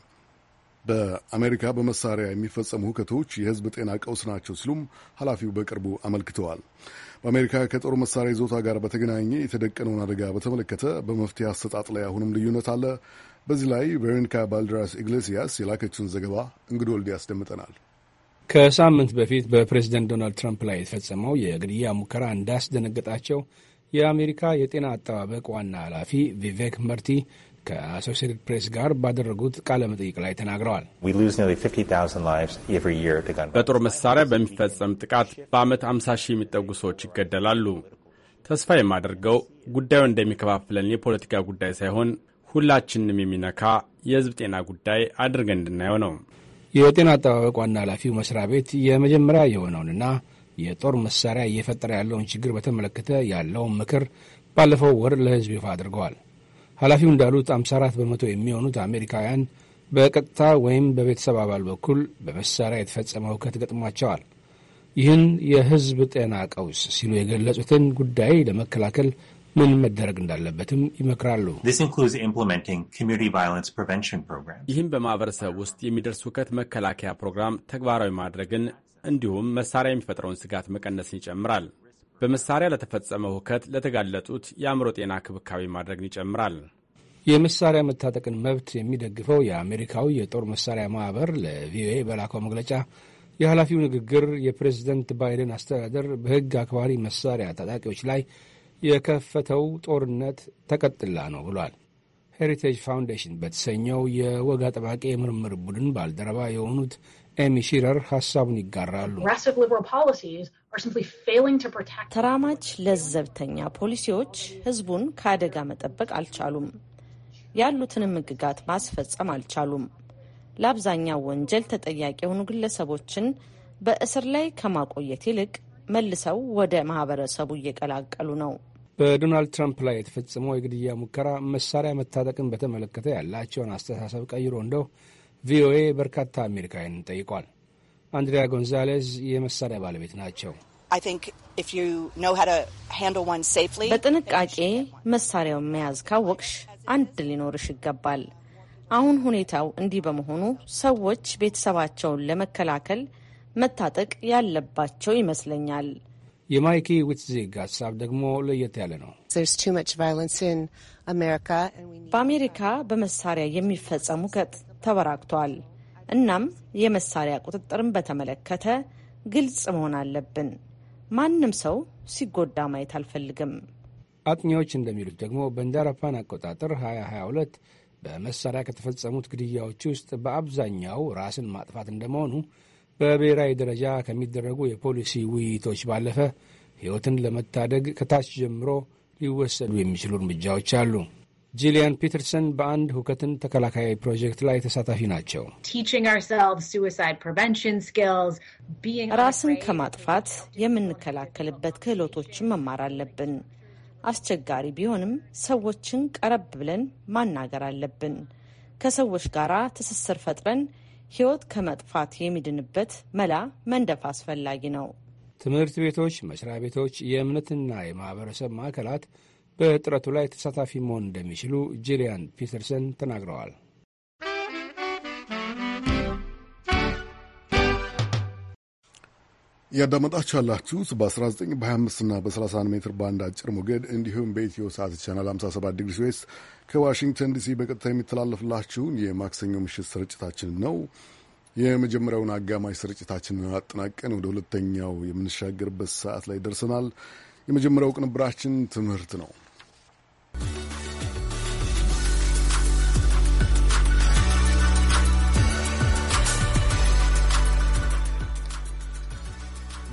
በአሜሪካ በመሳሪያ የሚፈጸሙ ሁከቶች የሕዝብ ጤና ቀውስ ናቸው ሲሉም ኃላፊው በቅርቡ አመልክተዋል። በአሜሪካ ከጦር መሳሪያ ይዞታ ጋር በተገናኘ የተደቀነውን አደጋ በተመለከተ በመፍትሄ አሰጣጥ ላይ አሁንም ልዩነት አለ። በዚህ ላይ ቬሮኒካ ባልድራስ ኢግሌሲያስ የላከችን ዘገባ እንግዶ ወልድ ያስደምጠናል። ከሳምንት በፊት በፕሬዝደንት ዶናልድ ትራምፕ ላይ የተፈጸመው የግድያ ሙከራ እንዳስደነገጣቸው የአሜሪካ የጤና አጠባበቅ ዋና ኃላፊ ቪቬክ መርቲ ከአሶሲኤትድ ፕሬስ ጋር ባደረጉት ቃለ መጠይቅ ላይ ተናግረዋል። በጦር መሳሪያ በሚፈጸም ጥቃት በዓመት 50 ሺህ የሚጠጉ ሰዎች ይገደላሉ። ተስፋ የማደርገው ጉዳዩ እንደሚከፋፍለን የፖለቲካ ጉዳይ ሳይሆን ሁላችንም የሚነካ የህዝብ ጤና ጉዳይ አድርገን እንድናየው ነው። የጤና አጠባበቅ ዋና ኃላፊው መስሪያ ቤት የመጀመሪያ የሆነውንና የጦር መሳሪያ እየፈጠረ ያለውን ችግር በተመለከተ ያለውን ምክር ባለፈው ወር ለህዝብ ይፋ አድርገዋል። ኃላፊው እንዳሉት 54 በመቶ የሚሆኑት አሜሪካውያን በቀጥታ ወይም በቤተሰብ አባል በኩል በመሳሪያ የተፈጸመ እውከት ገጥሟቸዋል። ይህን የህዝብ ጤና ቀውስ ሲሉ የገለጹትን ጉዳይ ለመከላከል ምን መደረግ እንዳለበትም ይመክራሉ። ይህም በማህበረሰብ ውስጥ የሚደርስ ውከት መከላከያ ፕሮግራም ተግባራዊ ማድረግን እንዲሁም መሳሪያ የሚፈጥረውን ስጋት መቀነስን ይጨምራል። በመሳሪያ ለተፈጸመ ውከት ለተጋለጡት የአእምሮ ጤና ክብካቤ ማድረግን ይጨምራል። የመሳሪያ መታጠቅን መብት የሚደግፈው የአሜሪካው የጦር መሳሪያ ማህበር ለቪኦኤ በላከው መግለጫ የኃላፊው ንግግር የፕሬዝደንት ባይደን አስተዳደር በሕግ አክባሪ መሳሪያ ታጣቂዎች ላይ የከፈተው ጦርነት ተቀጥላ ነው ብሏል። ሄሪቴጅ ፋውንዴሽን በተሰኘው የወግ አጥባቂ የምርምር ቡድን ባልደረባ የሆኑት ኤሚ ሺረር ሀሳቡን ይጋራሉ። ተራማጅ ለዘብተኛ ፖሊሲዎች ህዝቡን ከአደጋ መጠበቅ አልቻሉም። ያሉትንም ምግጋት ማስፈጸም አልቻሉም። ለአብዛኛው ወንጀል ተጠያቂ የሆኑ ግለሰቦችን በእስር ላይ ከማቆየት ይልቅ መልሰው ወደ ማህበረሰቡ እየቀላቀሉ ነው። በዶናልድ ትራምፕ ላይ የተፈጸመው የግድያ ሙከራ መሳሪያ መታጠቅን በተመለከተ ያላቸውን አስተሳሰብ ቀይሮ እንደው ቪኦኤ በርካታ አሜሪካውያንን ጠይቋል። አንድሪያ ጎንዛሌዝ የመሳሪያ ባለቤት ናቸው። በጥንቃቄ መሳሪያውን መያዝ ካወቅሽ አንድ ሊኖርሽ ይገባል። አሁን ሁኔታው እንዲህ በመሆኑ ሰዎች ቤተሰባቸውን ለመከላከል መታጠቅ ያለባቸው ይመስለኛል። የማይኪ ዊትዚግ ሀሳብ ደግሞ ለየት ያለ ነው። በአሜሪካ በመሳሪያ የሚፈጸሙ ገጥ ተበራክቷል። እናም የመሳሪያ ቁጥጥርን በተመለከተ ግልጽ መሆን አለብን። ማንም ሰው ሲጎዳ ማየት አልፈልግም። አጥኚዎች እንደሚሉት ደግሞ በእንደ አቆጣጠር 2022 በመሳሪያ ከተፈጸሙት ግድያዎች ውስጥ በአብዛኛው ራስን ማጥፋት እንደመሆኑ በብሔራዊ ደረጃ ከሚደረጉ የፖሊሲ ውይይቶች ባለፈ ሕይወትን ለመታደግ ከታች ጀምሮ ሊወሰዱ የሚችሉ እርምጃዎች አሉ። ጂሊያን ፒተርሰን በአንድ ሁከትን ተከላካይ ፕሮጀክት ላይ ተሳታፊ ናቸው። ራስን ከማጥፋት የምንከላከልበት ክህሎቶችን መማር አለብን። አስቸጋሪ ቢሆንም ሰዎችን ቀረብ ብለን ማናገር አለብን። ከሰዎች ጋር ትስስር ፈጥረን ሕይወት ከመጥፋት የሚድንበት መላ መንደፍ አስፈላጊ ነው። ትምህርት ቤቶች፣ መስሪያ ቤቶች፣ የእምነትና የማህበረሰብ ማዕከላት በጥረቱ ላይ ተሳታፊ መሆን እንደሚችሉ ጂሊያን ፒተርሰን ተናግረዋል። እያዳመጣችሁ ያላችሁት በ19 በ25ና በ31 ሜትር ባንድ አጭር ሞገድ እንዲሁም በኢትዮ ሰዓት ቻናል 57 ዲግሪ ዌስት ከዋሽንግተን ዲሲ በቀጥታ የሚተላለፍላችሁን የማክሰኞ ምሽት ስርጭታችን ነው። የመጀመሪያውን አጋማሽ ስርጭታችንን አጠናቀን ወደ ሁለተኛው የምንሻገርበት ሰዓት ላይ ደርሰናል። የመጀመሪያው ቅንብራችን ትምህርት ነው።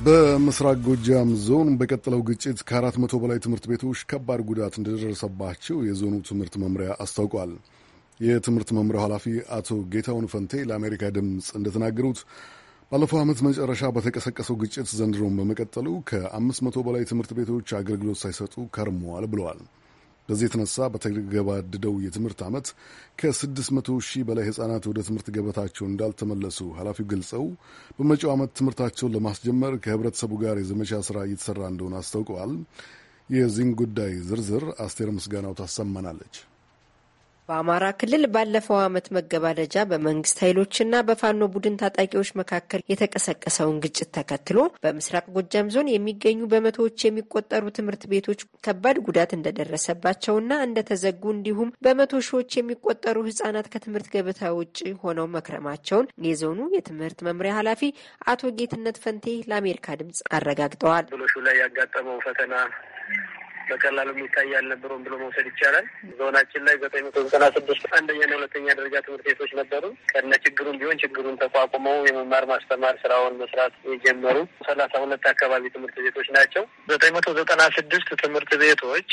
በምስራቅ ጎጃም ዞን በቀጠለው ግጭት ከአራት መቶ በላይ ትምህርት ቤቶች ከባድ ጉዳት እንደደረሰባቸው የዞኑ ትምህርት መምሪያ አስታውቋል። የትምህርት መምሪያው ኃላፊ አቶ ጌታውን ፈንቴ ለአሜሪካ ድምፅ እንደተናገሩት ባለፈው ዓመት መጨረሻ በተቀሰቀሰው ግጭት ዘንድሮን በመቀጠሉ ከአምስት መቶ በላይ ትምህርት ቤቶች አገልግሎት ሳይሰጡ ከርመዋል ብለዋል። በዚህ የተነሳ በተገባደደው የትምህርት ዓመት ከ600 ሺህ በላይ ሕፃናት ወደ ትምህርት ገበታቸው እንዳልተመለሱ ኃላፊው ገልጸው በመጪው ዓመት ትምህርታቸውን ለማስጀመር ከህብረተሰቡ ጋር የዘመቻ ሥራ እየተሠራ እንደሆነ አስታውቀዋል። የዚህን ጉዳይ ዝርዝር አስቴር ምስጋናው ታሰማናለች። በአማራ ክልል ባለፈው ዓመት መገባደጃ በመንግስት ኃይሎችና በፋኖ ቡድን ታጣቂዎች መካከል የተቀሰቀሰውን ግጭት ተከትሎ በምስራቅ ጎጃም ዞን የሚገኙ በመቶዎች የሚቆጠሩ ትምህርት ቤቶች ከባድ ጉዳት እንደደረሰባቸውና እንደተዘጉ እንዲሁም በመቶ ሺዎች የሚቆጠሩ ህጻናት ከትምህርት ገበታ ውጭ ሆነው መክረማቸውን የዞኑ የትምህርት መምሪያ ኃላፊ አቶ ጌትነት ፈንቴ ለአሜሪካ ድምጽ አረጋግጠዋል። ብሎሹ ላይ ያጋጠመው ፈተና በቀላሉ የሚታይ አልነበረውም ብሎ መውሰድ ይቻላል። ዞናችን ላይ ዘጠኝ መቶ ዘጠና ስድስት አንደኛና ሁለተኛ ደረጃ ትምህርት ቤቶች ነበሩ። ከነ ችግሩም ቢሆን ችግሩን ተቋቁመው የመማር ማስተማር ስራውን መስራት የጀመሩ ሰላሳ ሁለት አካባቢ ትምህርት ቤቶች ናቸው። ዘጠኝ መቶ ዘጠና ስድስት ትምህርት ቤቶች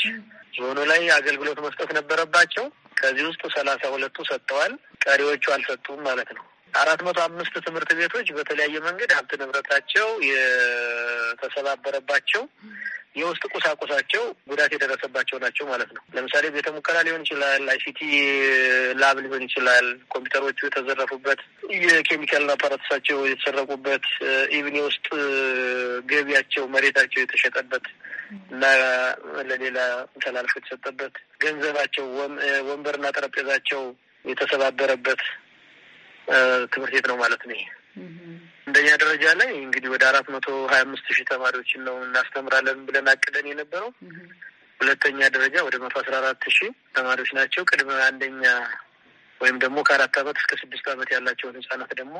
ዞኑ ላይ አገልግሎት መስጠት ነበረባቸው። ከዚህ ውስጥ ሰላሳ ሁለቱ ሰጥተዋል። ቀሪዎቹ አልሰጡም ማለት ነው። አራት መቶ አምስት ትምህርት ቤቶች በተለያየ መንገድ ሀብት ንብረታቸው የተሰባበረባቸው የውስጥ ቁሳቁሳቸው ጉዳት የደረሰባቸው ናቸው ማለት ነው። ለምሳሌ ቤተ ሙከራ ሊሆን ይችላል፣ አይሲቲ ላብ ሊሆን ይችላል፣ ኮምፒውተሮቹ የተዘረፉበት፣ የኬሚካል አፓራቶሳቸው የተሰረቁበት፣ ኢቭን የውስጥ ገቢያቸው መሬታቸው የተሸጠበት እና ለሌላ ተላልፎ የተሰጠበት፣ ገንዘባቸው ወንበርና ጠረጴዛቸው የተሰባበረበት ትምህርት ቤት ነው ማለት ነው። አንደኛ ደረጃ ላይ እንግዲህ ወደ አራት መቶ ሀያ አምስት ሺህ ተማሪዎችን ነው እናስተምራለን ብለን አቅደን የነበረው። ሁለተኛ ደረጃ ወደ መቶ አስራ አራት ሺህ ተማሪዎች ናቸው። ቅድመ አንደኛ ወይም ደግሞ ከአራት ዓመት እስከ ስድስት ዓመት ያላቸውን ህጻናት ደግሞ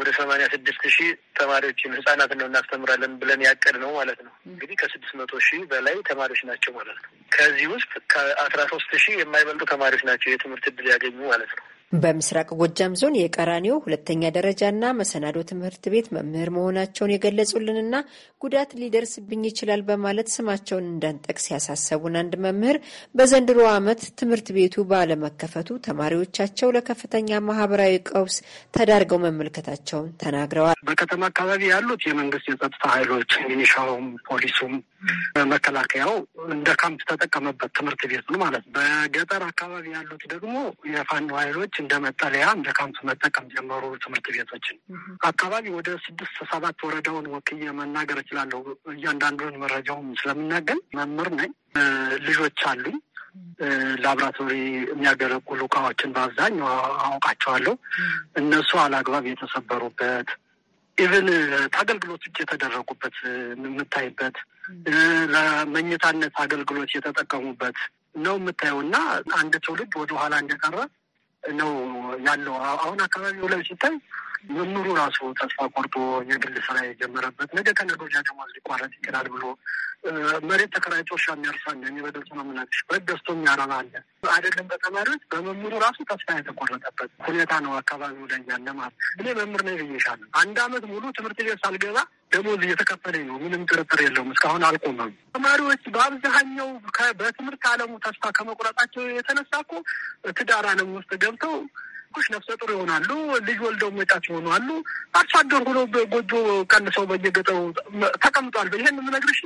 ወደ ሰማንያ ስድስት ሺህ ተማሪዎችን ህጻናት ነው እናስተምራለን ብለን ያቀድ ነው ማለት ነው። እንግዲህ ከስድስት መቶ ሺህ በላይ ተማሪዎች ናቸው ማለት ነው። ከዚህ ውስጥ ከአስራ ሶስት ሺህ የማይበልጡ ተማሪዎች ናቸው የትምህርት እድል ያገኙ ማለት ነው። በምስራቅ ጎጃም ዞን የቀራኒዮ ሁለተኛ ደረጃና መሰናዶ ትምህርት ቤት መምህር መሆናቸውን የገለጹልንና ጉዳት ሊደርስብኝ ይችላል በማለት ስማቸውን እንዳንጠቅስ ያሳሰቡን አንድ መምህር በዘንድሮ ዓመት ትምህርት ቤቱ ባለመከፈቱ ተማሪዎቻቸው ለከፍተኛ ማህበራዊ ቀውስ ተዳርገው መመልከታቸውን ተናግረዋል። በከተማ አካባቢ ያሉት የመንግስት የጸጥታ ኃይሎች ሚኒሻውም፣ ፖሊሱም መከላከያው እንደ ካምፕ ተጠቀመበት ትምህርት ቤቱን ማለት ነው። በገጠር አካባቢ ያሉት ደግሞ የፋኖ ኃይሎች እንደ መጠለያ እንደ ካምፕ መጠቀም ጀመሩ ትምህርት ቤቶችን። አካባቢ ወደ ስድስት ሰባት ወረዳውን ወክዬ መናገር እችላለሁ። እያንዳንዱን መረጃውን ስለምናገኝ መምህር ነኝ። ልጆች አሉኝ። ላብራቶሪ የሚያገለግሉ እቃዎችን በአብዛኛው አውቃቸዋለሁ። እነሱ አላግባብ የተሰበሩበት ኢቨን ከአገልግሎት ውጭ የተደረጉበት የምታይበት ለመኝታነት አገልግሎት የተጠቀሙበት ነው የምታየው እና አንድ ትውልድ ወደኋላ እንደቀረ ነው ያለው። አሁን አካባቢው ላይ ሲታይ መምህሩ ራሱ ተስፋ ቆርጦ የግል ስራ የጀመረበት ነገ ከነገ ወዲያ ሊቋረጥ ይችላል ብሎ መሬት ተከራይቶ እርሻ የሚያርሳለ የሚበደሱ ነው የምናገሽ በት ደስቶ የሚያረባ አለ አይደለም። በተማሪዎች በመምህሩ ራሱ ተስፋ የተቆረጠበት ሁኔታ ነው አካባቢው ላይ ያለ ማለት እኔ መምህር ነው ብዬሻለሁ። አንድ አመት ሙሉ ትምህርት ቤት ሳልገባ ደሞዝ እየተከፈለኝ ነው። ምንም ጥርጥር የለውም። እስካሁን አልቆመም። ተማሪዎች በአብዛኛው በትምህርት አለሙ ተስፋ ከመቁረጣቸው የተነሳ እኮ ትዳር አለም ውስጥ ገብተው ኩሽ ነፍሰ ጡር ይሆናሉ። ልጅ ወልደው መጫት ይሆናሉ። አርሶ አደር ሆኖ በጎጆ ቀንሰው በየገጠሩ ተቀምጧል። ይህን የምነግርሽ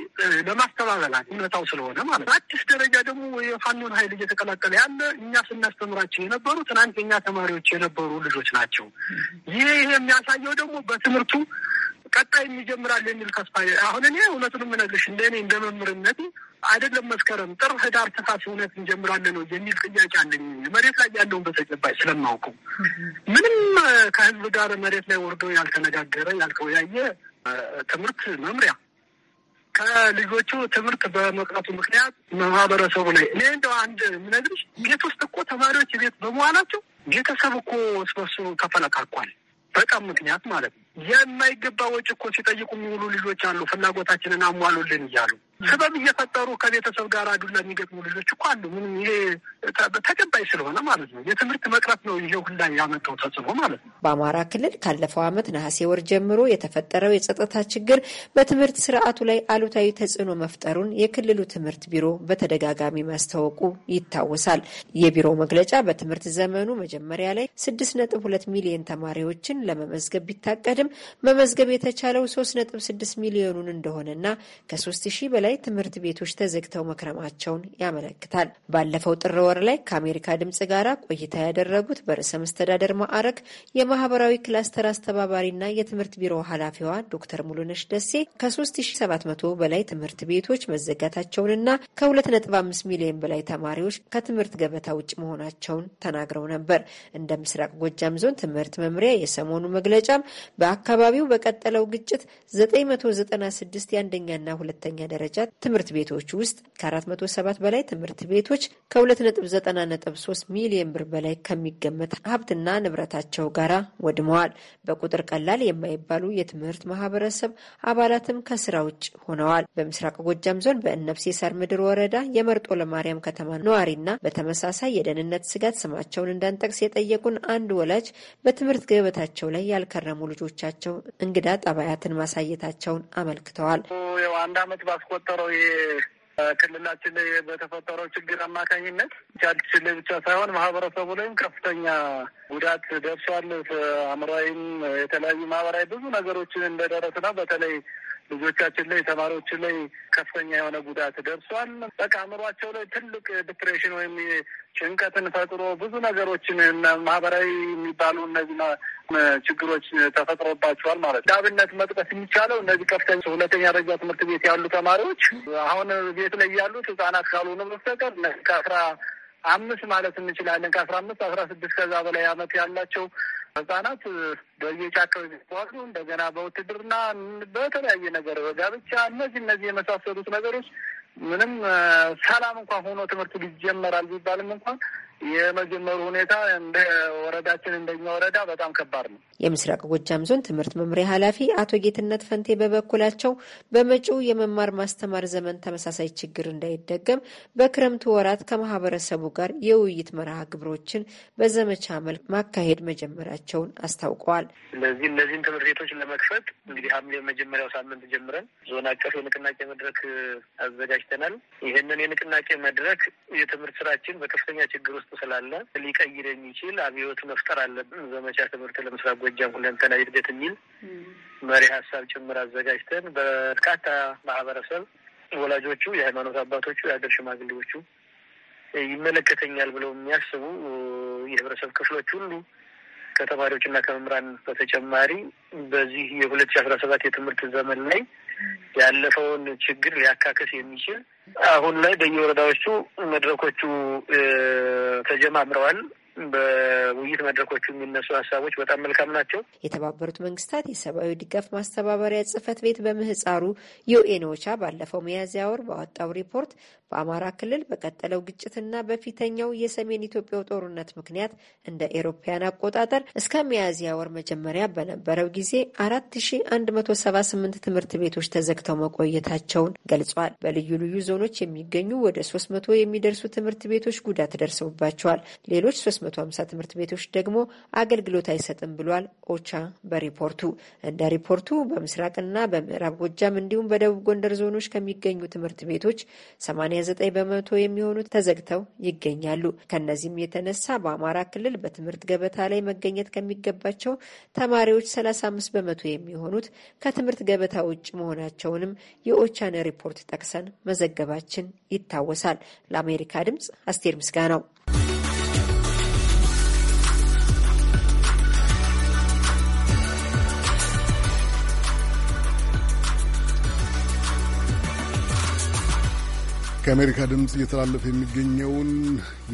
ለማስተባበላት እውነታው ስለሆነ ማለት ነው። አዲስ ደረጃ ደግሞ የፋኖን ኃይል እየተቀላቀለ ያለ እኛ ስናስተምራቸው የነበሩ ትናንት የኛ ተማሪዎች የነበሩ ልጆች ናቸው። ይህ የሚያሳየው ደግሞ በትምህርቱ ቀጣይ የሚጀምራል የሚል ተስፋ አሁን እኔ እውነቱን የምነግርሽ እንደ እኔ እንደ መምህርነት አይደለም መስከረም፣ ጥር፣ ህዳር፣ ታህሳስ እውነት እንጀምራለን ነው የሚል ጥያቄ አለኝ። መሬት ላይ ያለውን በተጨባጭ ስለማውቁ ምንም ከህዝብ ጋር መሬት ላይ ወርዶ ያልተነጋገረ ያልተወያየ ትምህርት መምሪያ ከልጆቹ ትምህርት በመቅረቱ ምክንያት ማህበረሰቡ ላይ እኔ እንደው አንድ የምነግርሽ ቤት ውስጥ እኮ ተማሪዎች ቤት በመዋላቸው ቤተሰብ እኮ ስበሱ ተፈለካኳል። በጣም ምክንያት ማለት ነው የማይገባ ወጪ እኮ ሲጠይቁ የሚውሉ ልጆች አሉ። ፍላጎታችንን አሟሉልን እያሉ ስበብ እየፈጠሩ ከቤተሰብ ጋር ዱላ የሚገጥሙ ልጆች እኮ አሉ። ምንም ይሄ ተቀባይ ስለሆነ ማለት ነው። የትምህርት መቅረት ነው ይሄ ሁላ ያመጣው ተጽዕኖ ማለት ነው። በአማራ ክልል ካለፈው ዓመት ነሐሴ ወር ጀምሮ የተፈጠረው የጸጥታ ችግር በትምህርት ስርዓቱ ላይ አሉታዊ ተጽዕኖ መፍጠሩን የክልሉ ትምህርት ቢሮ በተደጋጋሚ ማስታወቁ ይታወሳል። የቢሮው መግለጫ በትምህርት ዘመኑ መጀመሪያ ላይ ስድስት ነጥብ ሁለት ሚሊዮን ተማሪዎችን ለመመዝገብ ቢታቀድም መሆኑንም መመዝገብ የተቻለው 3.6 ሚሊዮኑን እንደሆነና ከ3 በላይ ትምህርት ቤቶች ተዘግተው መክረማቸውን ያመለክታል። ባለፈው ጥር ወር ላይ ከአሜሪካ ድምጽ ጋር ቆይታ ያደረጉት በርዕሰ መስተዳደር ማዕረግ የማህበራዊ ክላስተር አስተባባሪና የትምህርት ቢሮ ኃላፊዋ ዶክተር ሙሉነሽ ደሴ ከ3700 በላይ ትምህርት ቤቶች መዘጋታቸውንና ከ2.5 ሚሊዮን በላይ ተማሪዎች ከትምህርት ገበታ ውጭ መሆናቸውን ተናግረው ነበር። እንደ ምስራቅ ጎጃም ዞን ትምህርት መምሪያ የሰሞኑ መግለጫም በ በአካባቢው በቀጠለው ግጭት 996 የአንደኛና ሁለተኛ ደረጃ ትምህርት ቤቶች ውስጥ ከ407 በላይ ትምህርት ቤቶች ከ293 ሚሊዮን ብር በላይ ከሚገመት ሀብትና ንብረታቸው ጋራ ወድመዋል። በቁጥር ቀላል የማይባሉ የትምህርት ማህበረሰብ አባላትም ከስራ ውጭ ሆነዋል። በምስራቅ ጎጃም ዞን በእነብሴ ሳር ምድር ወረዳ የመርጦ ለማርያም ከተማ ነዋሪና በተመሳሳይ የደህንነት ስጋት ስማቸውን እንዳንጠቅስ የጠየቁን አንድ ወላጅ በትምህርት ገበታቸው ላይ ያልከረሙ ልጆች ተማሪዎቻቸው እንግዳ ጠባያትን ማሳየታቸውን አመልክተዋል። አንድ አመት ባስቆጠረው ክልላችን በተፈጠረው ችግር አማካኝነት ቻችን ላይ ብቻ ሳይሆን ማህበረሰቡ ላይም ከፍተኛ ጉዳት ደርሷል። አእምሯዊም፣ የተለያዩ ማህበራዊ ብዙ ነገሮችን እንደደረስ ነው። በተለይ ልጆቻችን ላይ ተማሪዎችን ላይ ከፍተኛ የሆነ ጉዳት ደርሷል። በቃ አእምሯቸው ላይ ትልቅ ዲፕሬሽን ወይም ጭንቀትን ፈጥሮ ብዙ ነገሮችን እና ማህበራዊ የሚባሉ እነዚህ ችግሮች ተፈጥሮባቸዋል ማለት ነው። ዳብነት መጥቀስ የሚቻለው እነዚህ ከፍተኛ ሁለተኛ ደረጃ ትምህርት ቤት ያሉ ተማሪዎች አሁን ቤት ላይ ያሉት ህጻናት ካልሆነ በስተቀር ከአስራ አምስት ማለት እንችላለን ከአስራ አምስት አስራ ስድስት ከዛ በላይ አመት ያላቸው ህጻናት በየጫካው ይዘዋሉ። እንደገና በውትድርና በተለያየ ነገር በጋብቻ እነዚህ እነዚህ የመሳሰሉት ነገሮች ምንም ሰላም እንኳን ሆኖ ትምህርቱ ይጀመራል ቢባልም እንኳን የመጀመሩ ሁኔታ እንደ ወረዳችን እንደኛ ወረዳ በጣም ከባድ ነው። የምስራቅ ጎጃም ዞን ትምህርት መምሪያ ኃላፊ አቶ ጌትነት ፈንቴ በበኩላቸው በመጪው የመማር ማስተማር ዘመን ተመሳሳይ ችግር እንዳይደገም በክረምቱ ወራት ከማህበረሰቡ ጋር የውይይት መርሃ ግብሮችን በዘመቻ መልክ ማካሄድ መጀመራቸውን አስታውቀዋል። ስለዚህ እነዚህን ትምህርት ቤቶች ለመክፈት እንግዲህ ሐምሌ መጀመሪያው ሳምንት ጀምረን ዞን አቀፍ የንቅናቄ መድረክ አዘጋጅተናል። ይህንን የንቅናቄ መድረክ የትምህርት ስራችን በከፍተኛ ችግር ውስጥ ስላለ ሊቀይር የሚችል አብዮት መፍጠር አለብን። ዘመቻ ትምህርት ለምስራቅ ጎጃም ሁለንተናዊ እድገት የሚል መሪ ሀሳብ ጭምር አዘጋጅተን በርካታ ማህበረሰብ ወላጆቹ፣ የሃይማኖት አባቶቹ፣ የሀገር ሽማግሌዎቹ ይመለከተኛል ብለው የሚያስቡ የህብረተሰብ ክፍሎች ሁሉ ከተማሪዎችና ከመምህራን በተጨማሪ በዚህ የሁለት ሺ አስራ ሰባት የትምህርት ዘመን ላይ ያለፈውን ችግር ሊያካክስ የሚችል አሁን ላይ በየወረዳዎቹ መድረኮቹ ተጀማምረዋል። በውይይት መድረኮቹ የሚነሱ ሀሳቦች በጣም መልካም ናቸው። የተባበሩት መንግስታት የሰብአዊ ድጋፍ ማስተባበሪያ ጽህፈት ቤት በምህፃሩ ዩኤንኦቻ ባለፈው ሚያዝያ ወር ባወጣው ሪፖርት በአማራ ክልል በቀጠለው ግጭትና በፊተኛው የሰሜን ኢትዮጵያው ጦርነት ምክንያት እንደ ኤሮፓያን አቆጣጠር እስከ ሚያዝያ ወር መጀመሪያ በነበረው ጊዜ አራት ሺ አንድ መቶ ሰባ ስምንት ትምህርት ቤቶች ተዘግተው መቆየታቸውን ገልጿል። በልዩ ልዩ ዞኖች የሚገኙ ወደ ሶስት መቶ የሚደርሱ ትምህርት ቤቶች ጉዳት ደርሰውባቸዋል። ሌሎች ሶስት 450 ትምህርት ቤቶች ደግሞ አገልግሎት አይሰጥም ብሏል ኦቻ በሪፖርቱ። እንደ ሪፖርቱ በምስራቅና በምዕራብ ጎጃም እንዲሁም በደቡብ ጎንደር ዞኖች ከሚገኙ ትምህርት ቤቶች 89 በመቶ የሚሆኑት ተዘግተው ይገኛሉ። ከነዚህም የተነሳ በአማራ ክልል በትምህርት ገበታ ላይ መገኘት ከሚገባቸው ተማሪዎች 35 በመቶ የሚሆኑት ከትምህርት ገበታ ውጭ መሆናቸውንም የኦቻን ሪፖርት ጠቅሰን መዘገባችን ይታወሳል። ለአሜሪካ ድምፅ አስቴር ምስጋናው የአሜሪካ ድምፅ እየተላለፈ የሚገኘውን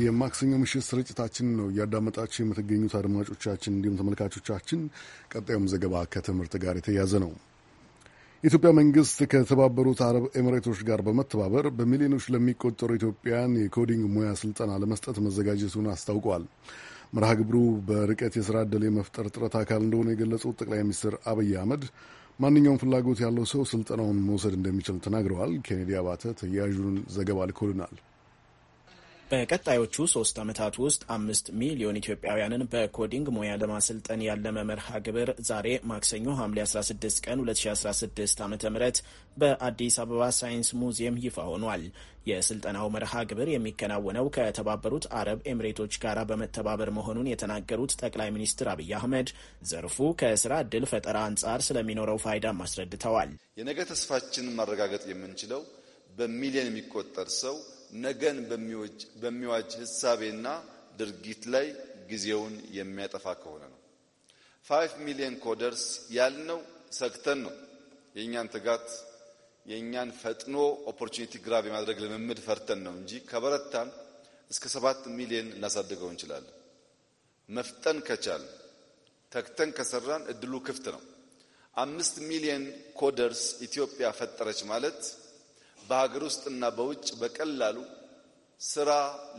የማክሰኞ ምሽት ስርጭታችን ነው እያዳመጣችሁ የምትገኙት አድማጮቻችን፣ እንዲሁም ተመልካቾቻችን። ቀጣዩም ዘገባ ከትምህርት ጋር የተያያዘ ነው። የኢትዮጵያ መንግስት ከተባበሩት አረብ ኤምሬቶች ጋር በመተባበር በሚሊዮኖች ለሚቆጠሩ ኢትዮጵያን የኮዲንግ ሙያ ስልጠና ለመስጠት መዘጋጀቱን አስታውቋል። መርሃ ግብሩ በርቀት የስራ ዕድል የመፍጠር ጥረት አካል እንደሆነ የገለጹት ጠቅላይ ሚኒስትር አብይ አህመድ ማንኛውም ፍላጎት ያለው ሰው ስልጠናውን መውሰድ እንደሚችል ተናግረዋል። ኬኔዲ አባተ ተያያዡን ዘገባ ልኮልናል። በቀጣዮቹ ሶስት ዓመታት ውስጥ አምስት ሚሊዮን ኢትዮጵያውያንን በኮዲንግ ሙያ ለማሰልጠን ያለመ መርሃ ግብር ዛሬ ማክሰኞ ሐምሌ 16 ቀን 2016 ዓ ም በአዲስ አበባ ሳይንስ ሙዚየም ይፋ ሆኗል። የስልጠናው መርሃ ግብር የሚከናወነው ከተባበሩት አረብ ኤምሬቶች ጋር በመተባበር መሆኑን የተናገሩት ጠቅላይ ሚኒስትር አብይ አህመድ ዘርፉ ከስራ ዕድል ፈጠራ አንጻር ስለሚኖረው ፋይዳ አስረድተዋል። የነገ ተስፋችን ማረጋገጥ የምንችለው በሚሊዮን የሚቆጠር ሰው ነገን በሚዋጅ ህሳቤና ድርጊት ላይ ጊዜውን የሚያጠፋ ከሆነ ነው። ፋይቭ ሚሊዮን ኮደርስ ያልነው ሰግተን ነው። የእኛን ትጋት የእኛን ፈጥኖ ኦፖርቹኒቲ ግራብ የማድረግ ልምምድ ፈርተን ነው እንጂ ከበረታን እስከ ሰባት ሚሊዮን እናሳድገው እንችላለን። መፍጠን ከቻል ተክተን ከሰራን እድሉ ክፍት ነው። አምስት ሚሊዮን ኮደርስ ኢትዮጵያ ፈጠረች ማለት በሀገር ውስጥና በውጭ በቀላሉ ስራ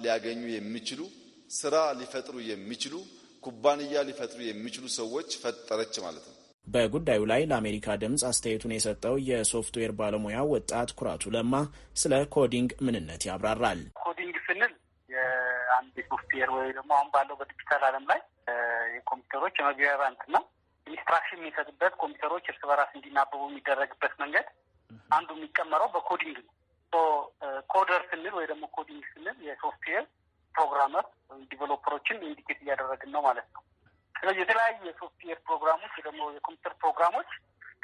ሊያገኙ የሚችሉ ስራ ሊፈጥሩ የሚችሉ ኩባንያ ሊፈጥሩ የሚችሉ ሰዎች ፈጠረች ማለት ነው። በጉዳዩ ላይ ለአሜሪካ ድምፅ አስተያየቱን የሰጠው የሶፍትዌር ባለሙያ ወጣት ኩራቱ ለማ ስለ ኮዲንግ ምንነት ያብራራል። ኮዲንግ ስንል የአንድ ሶፍትዌር ወይ ደግሞ አሁን ባለው በዲጂታል ዓለም ላይ የኮምፒውተሮች የመግቢያ ባንክ ነው። ኢንስትራክሽን የሚሰጥበት ኮምፒውተሮች እርስ በራስ እንዲናበቡ የሚደረግበት መንገድ አንዱ የሚቀመረው በኮዲንግ ነው። ኮደር ስንል ወይ ደግሞ ኮዲንግ ስንል የሶፍትዌር ፕሮግራመር ዲቨሎፐሮችን ኢንዲኬት እያደረግን ነው ማለት ነው። ስለዚህ የተለያዩ የሶፍትዌር ፕሮግራሞች ወይ ደግሞ የኮምፒውተር ፕሮግራሞች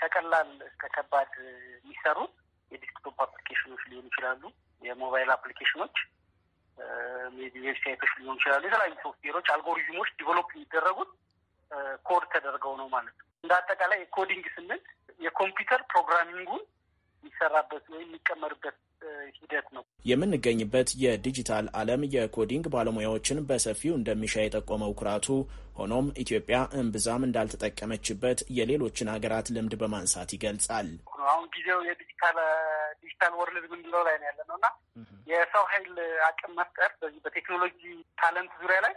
ከቀላል እስከ ከባድ የሚሰሩት የዲስክቶፕ አፕሊኬሽኖች ሊሆን ይችላሉ። የሞባይል አፕሊኬሽኖች ዌብሳይቶች ሊሆኑ ይችላሉ። የተለያዩ ሶፍትዌሮች፣ አልጎሪዝሞች ዲቨሎፕ የሚደረጉት ኮድ ተደርገው ነው ማለት ነው። እንደ አጠቃላይ የኮዲንግ ስንል የኮምፒውተር ፕሮግራሚንጉን የሚሰራበት ወይም የሚቀመርበት ሂደት ነው። የምንገኝበት የዲጂታል ዓለም የኮዲንግ ባለሙያዎችን በሰፊው እንደሚሻ የጠቆመው ኩራቱ ሆኖም ኢትዮጵያ እምብዛም እንዳልተጠቀመችበት የሌሎችን ሀገራት ልምድ በማንሳት ይገልጻል። አሁን ጊዜው የዲጂታል ዲጂታል ወርልድ ምንለው ላይ ነው ያለ ነው እና የሰው ኃይል አቅም መፍጠር በዚህ በቴክኖሎጂ ታለንት ዙሪያ ላይ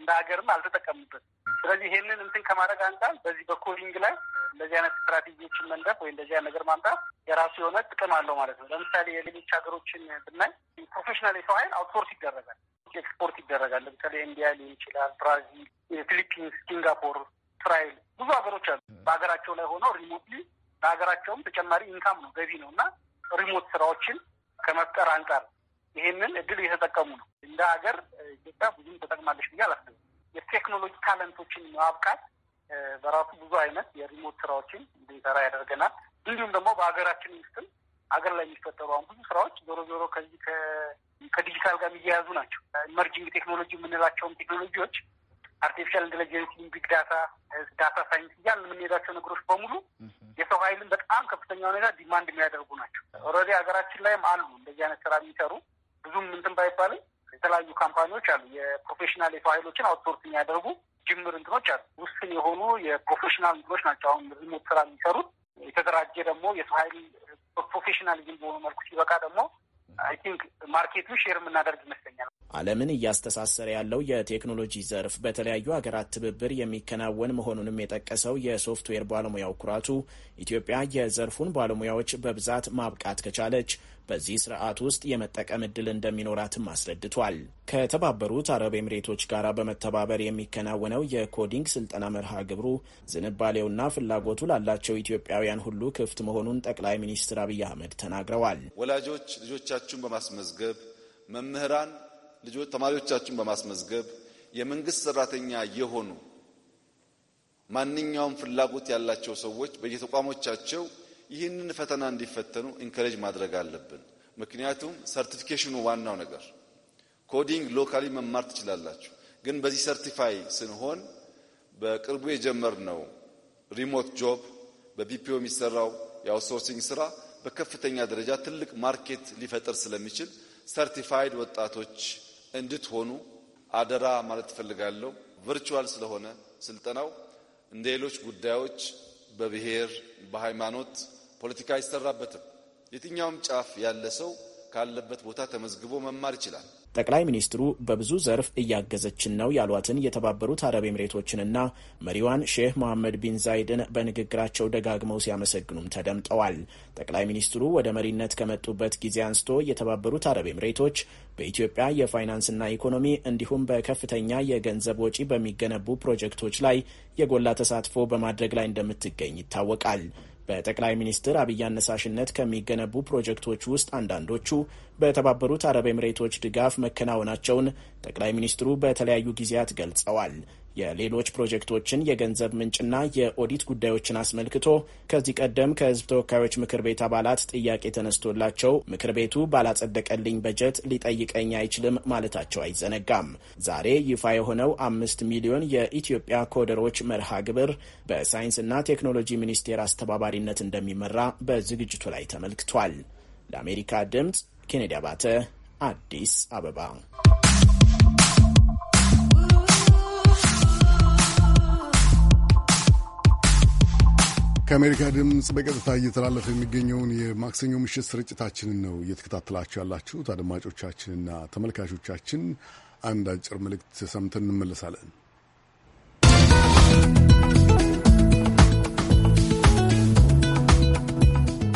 እንደ ሀገርም አልተጠቀምበት። ስለዚህ ይሄንን እንትን ከማድረግ አንጻር በዚህ በኮዲንግ ላይ እንደዚህ አይነት ስትራቴጂዎችን መንደፍ ወይ እንደዚህ ነገር ማምጣት የራሱ የሆነ ጥቅም አለው ማለት ነው። ለምሳሌ የሌሎች ሀገሮችን ብናይ ፕሮፌሽናል የሰው ኃይል አውትሶርስ ይደረጋል። ኤክስፖርት ይደረጋል። ለምሳሌ ኢንዲያ ሊሆን ይችላል፣ ብራዚል፣ ፊሊፒንስ፣ ሲንጋፖር፣ እስራኤል ብዙ ሀገሮች አሉ። በሀገራቸው ላይ ሆነው ሪሞትሊ በሀገራቸውም ተጨማሪ ኢንካም ነው ገቢ ነው እና ሪሞት ስራዎችን ከመፍጠር አንጻር ይህንን እድል እየተጠቀሙ ነው። እንደ ሀገር ኢትዮጵያ ብዙም ተጠቅማለች ብዬ አላስብም። የቴክኖሎጂ ታለንቶችን ማብቃት በራሱ ብዙ አይነት የሪሞት ስራዎችን እንድንሰራ ያደርገናል። እንዲሁም ደግሞ በሀገራችን ውስጥም ሀገር ላይ የሚፈጠሩ አሁን ብዙ ስራዎች ዞሮ ዞሮ ከዚህ ከዲጂታል ጋር የሚያያዙ ናቸው። ኢመርጂንግ ቴክኖሎጂ የምንላቸውም ቴክኖሎጂዎች አርቲፊሻል ኢንቴሊጀንስ፣ ቢግ ዳታ፣ ዳታ ሳይንስ እያልን የምንሄዳቸው ነገሮች በሙሉ የሰው ኃይልን በጣም ከፍተኛ ሁኔታ ዲማንድ የሚያደርጉ ናቸው። ኦልሬዲ ሀገራችን ላይም አሉ እንደዚህ አይነት ስራ የሚሰሩ ብዙም እንትን ባይባልም የተለያዩ ካምፓኒዎች አሉ። የፕሮፌሽናል የሰው ኃይሎችን አውትሶርስ የሚያደርጉ ጅምር እንትኖች አሉ። ውስን የሆኑ የፕሮፌሽናል እንትኖች ናቸው አሁን ሪሞት ስራ የሚሰሩት። የተደራጀ ደግሞ የሰው ኃይል ፕሮፌሽናሊዝም በሆኑ መልኩ ሲበቃ ደግሞ አይ ቲንክ ማርኬቱ ሼር የምናደርግ ይመስለኛል ዓለምን እያስተሳሰረ ያለው የቴክኖሎጂ ዘርፍ በተለያዩ ሀገራት ትብብር የሚከናወን መሆኑንም የጠቀሰው የሶፍትዌር ባለሙያው ኩራቱ ኢትዮጵያ የዘርፉን ባለሙያዎች በብዛት ማብቃት ከቻለች በዚህ ስርዓት ውስጥ የመጠቀም እድል እንደሚኖራትም አስረድቷል። ከተባበሩት አረብ ኤምሬቶች ጋር በመተባበር የሚከናወነው የኮዲንግ ስልጠና መርሃ ግብሩ ዝንባሌውና ፍላጎቱ ላላቸው ኢትዮጵያውያን ሁሉ ክፍት መሆኑን ጠቅላይ ሚኒስትር አብይ አህመድ ተናግረዋል። ወላጆች ልጆቻችሁን በማስመዝገብ መምህራን ልጆች ተማሪዎቻችሁን በማስመዝገብ የመንግስት ሰራተኛ የሆኑ ማንኛውም ፍላጎት ያላቸው ሰዎች በየተቋሞቻቸው ይህንን ፈተና እንዲፈተኑ ኢንከሬጅ ማድረግ አለብን። ምክንያቱም ሰርቲፊኬሽኑ ዋናው ነገር። ኮዲንግ ሎካሊ መማር ትችላላችሁ፣ ግን በዚህ ሰርቲፋይ ስንሆን በቅርቡ የጀመርነው ሪሞት ጆብ በቢፒኦ የሚሰራው የአውትሶርሲንግ ስራ በከፍተኛ ደረጃ ትልቅ ማርኬት ሊፈጥር ስለሚችል ሰርቲፋይድ ወጣቶች እንድትሆኑ አደራ ማለት እፈልጋለሁ። ቨርቹዋል ስለሆነ ስልጠናው እንደ ሌሎች ጉዳዮች በብሔር በሃይማኖት ፖለቲካ አይሰራበትም። የትኛውም ጫፍ ያለ ሰው ካለበት ቦታ ተመዝግቦ መማር ይችላል። ጠቅላይ ሚኒስትሩ በብዙ ዘርፍ እያገዘችን ነው ያሏትን የተባበሩት አረብ ኤምሬቶችንና መሪዋን ሼህ መሐመድ ቢን ዛይድን በንግግራቸው ደጋግመው ሲያመሰግኑም ተደምጠዋል። ጠቅላይ ሚኒስትሩ ወደ መሪነት ከመጡበት ጊዜ አንስቶ የተባበሩት አረብ ኤምሬቶች በኢትዮጵያ የፋይናንስና ኢኮኖሚ እንዲሁም በከፍተኛ የገንዘብ ወጪ በሚገነቡ ፕሮጀክቶች ላይ የጎላ ተሳትፎ በማድረግ ላይ እንደምትገኝ ይታወቃል። በጠቅላይ ሚኒስትር አብይ አነሳሽነት ከሚገነቡ ፕሮጀክቶች ውስጥ አንዳንዶቹ በተባበሩት አረብ ኤምሬቶች ድጋፍ መከናወናቸውን ጠቅላይ ሚኒስትሩ በተለያዩ ጊዜያት ገልጸዋል። የሌሎች ፕሮጀክቶችን የገንዘብ ምንጭና የኦዲት ጉዳዮችን አስመልክቶ ከዚህ ቀደም ከህዝብ ተወካዮች ምክር ቤት አባላት ጥያቄ ተነስቶላቸው ምክር ቤቱ ባላጸደቀልኝ በጀት ሊጠይቀኝ አይችልም ማለታቸው አይዘነጋም። ዛሬ ይፋ የሆነው አምስት ሚሊዮን የኢትዮጵያ ኮደሮች መርሃ ግብር በሳይንስና ቴክኖሎጂ ሚኒስቴር አስተባባሪነት እንደሚመራ በዝግጅቱ ላይ ተመልክቷል። ለአሜሪካ ድምፅ ኬኔዲ አባተ አዲስ አበባ ከአሜሪካ ድምፅ በቀጥታ እየተላለፈ የሚገኘውን የማክሰኞ ምሽት ስርጭታችንን ነው እየተከታተላችሁ ያላችሁት አድማጮቻችንና ተመልካቾቻችን። አንድ አጭር መልእክት ሰምተን እንመለሳለን።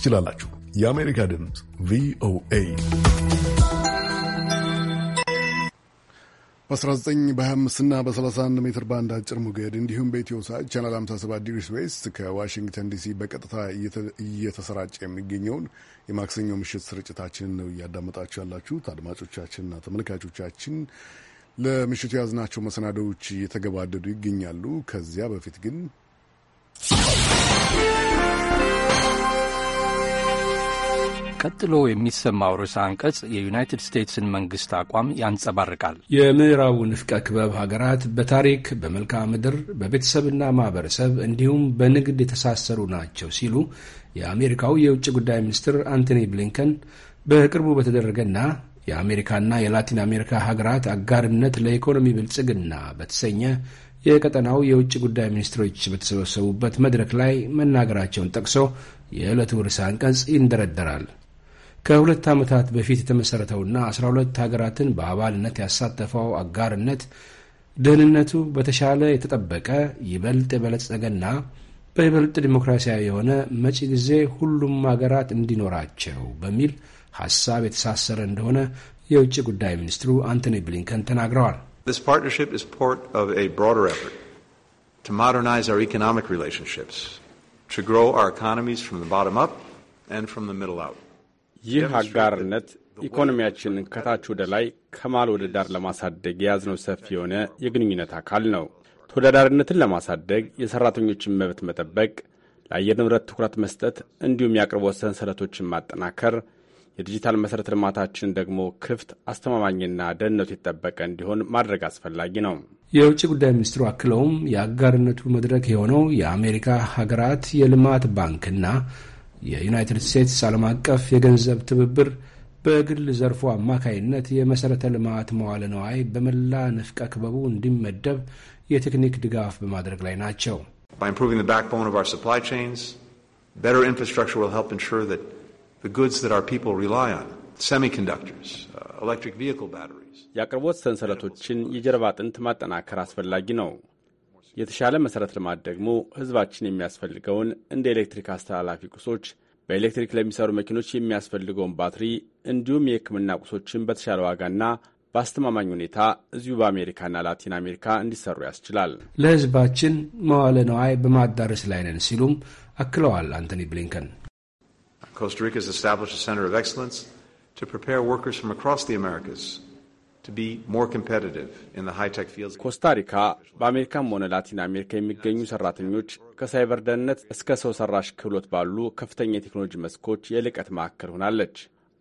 ትችላላችሁ። የአሜሪካ ድምፅ ቪኦኤ በ19 በ25 እና በ31 ሜትር ባንድ አጭር ሞገድ እንዲሁም በኢትዮ ሳት ቻናል 57 ዲግሪስ ዌስት ከዋሽንግተን ዲሲ በቀጥታ እየተሰራጨ የሚገኘውን የማክሰኞ ምሽት ስርጭታችንን ነው እያዳመጣችሁ ያላችሁት። አድማጮቻችንና ተመልካቾቻችን ለምሽቱ የያዝናቸው መሰናዶዎች እየተገባደዱ ይገኛሉ። ከዚያ በፊት ግን ቀጥሎ የሚሰማው ርዕሰ አንቀጽ የዩናይትድ ስቴትስን መንግስት አቋም ያንጸባርቃል። የምዕራቡ ንፍቀ ክበብ ሀገራት በታሪክ በመልክዓ ምድር፣ በቤተሰብና ማህበረሰብ እንዲሁም በንግድ የተሳሰሩ ናቸው ሲሉ የአሜሪካው የውጭ ጉዳይ ሚኒስትር አንቶኒ ብሊንከን በቅርቡ በተደረገና የአሜሪካና የላቲን አሜሪካ ሀገራት አጋርነት ለኢኮኖሚ ብልጽግና በተሰኘ የቀጠናው የውጭ ጉዳይ ሚኒስትሮች በተሰበሰቡበት መድረክ ላይ መናገራቸውን ጠቅሶ የዕለቱ ርዕሰ አንቀጽ ይንደረደራል። ከሁለት ዓመታት በፊት የተመሠረተውና 12 ሀገራትን በአባልነት ያሳተፈው አጋርነት ደህንነቱ በተሻለ የተጠበቀ ይበልጥ የበለጸገና በይበልጥ ዲሞክራሲያዊ የሆነ መጪ ጊዜ ሁሉም ሀገራት እንዲኖራቸው በሚል ሐሳብ የተሳሰረ እንደሆነ የውጭ ጉዳይ ሚኒስትሩ አንቶኒ ብሊንከን ተናግረዋል። ሪላሽንሽፕስ ይህ አጋርነት ኢኮኖሚያችንን ከታች ወደ ላይ ከማል ወደ ዳር ለማሳደግ የያዝነው ሰፊ የሆነ የግንኙነት አካል ነው። ተወዳዳሪነትን ለማሳደግ የሰራተኞችን መብት መጠበቅ፣ ለአየር ንብረት ትኩረት መስጠት፣ እንዲሁም የአቅርቦት ሰንሰለቶችን ማጠናከር፣ የዲጂታል መሠረተ ልማታችን ደግሞ ክፍት፣ አስተማማኝና ደህንነቱ የተጠበቀ እንዲሆን ማድረግ አስፈላጊ ነው። የውጭ ጉዳይ ሚኒስትሩ አክለውም የአጋርነቱ መድረክ የሆነው የአሜሪካ ሀገራት የልማት ባንክና የዩናይትድ ስቴትስ ዓለም አቀፍ የገንዘብ ትብብር በግል ዘርፉ አማካይነት የመሠረተ ልማት መዋለ ነዋይ በመላ ንፍቀ ክበቡ እንዲመደብ የቴክኒክ ድጋፍ በማድረግ ላይ ናቸው። uh, የአቅርቦት ሰንሰለቶችን የጀርባ አጥንት ማጠናከር አስፈላጊ ነው። የተሻለ መሠረተ ልማት ደግሞ ህዝባችን የሚያስፈልገውን እንደ ኤሌክትሪክ አስተላላፊ ቁሶች፣ በኤሌክትሪክ ለሚሰሩ መኪኖች የሚያስፈልገውን ባትሪ እንዲሁም የህክምና ቁሶችን በተሻለ ዋጋና በአስተማማኝ ሁኔታ እዚሁ በአሜሪካና ላቲን አሜሪካ እንዲሰሩ ያስችላል። ለህዝባችን መዋለ ነዋይ በማዳረስ ላይ ነን ሲሉም አክለዋል አንቶኒ ብሊንከን። ኮስታሪካ has ሴንተር ኦፍ center ቱ excellence ወርከርስ ፍሮም አክሮስ from አሜሪካስ ኮስታሪካ በአሜሪካም ሆነ ላቲን አሜሪካ የሚገኙ ሰራተኞች ከሳይበር ደህንነት እስከ ሰው ሰራሽ ክህሎት ባሉ ከፍተኛ የቴክኖሎጂ መስኮች የልቀት ማዕከል ሆናለች።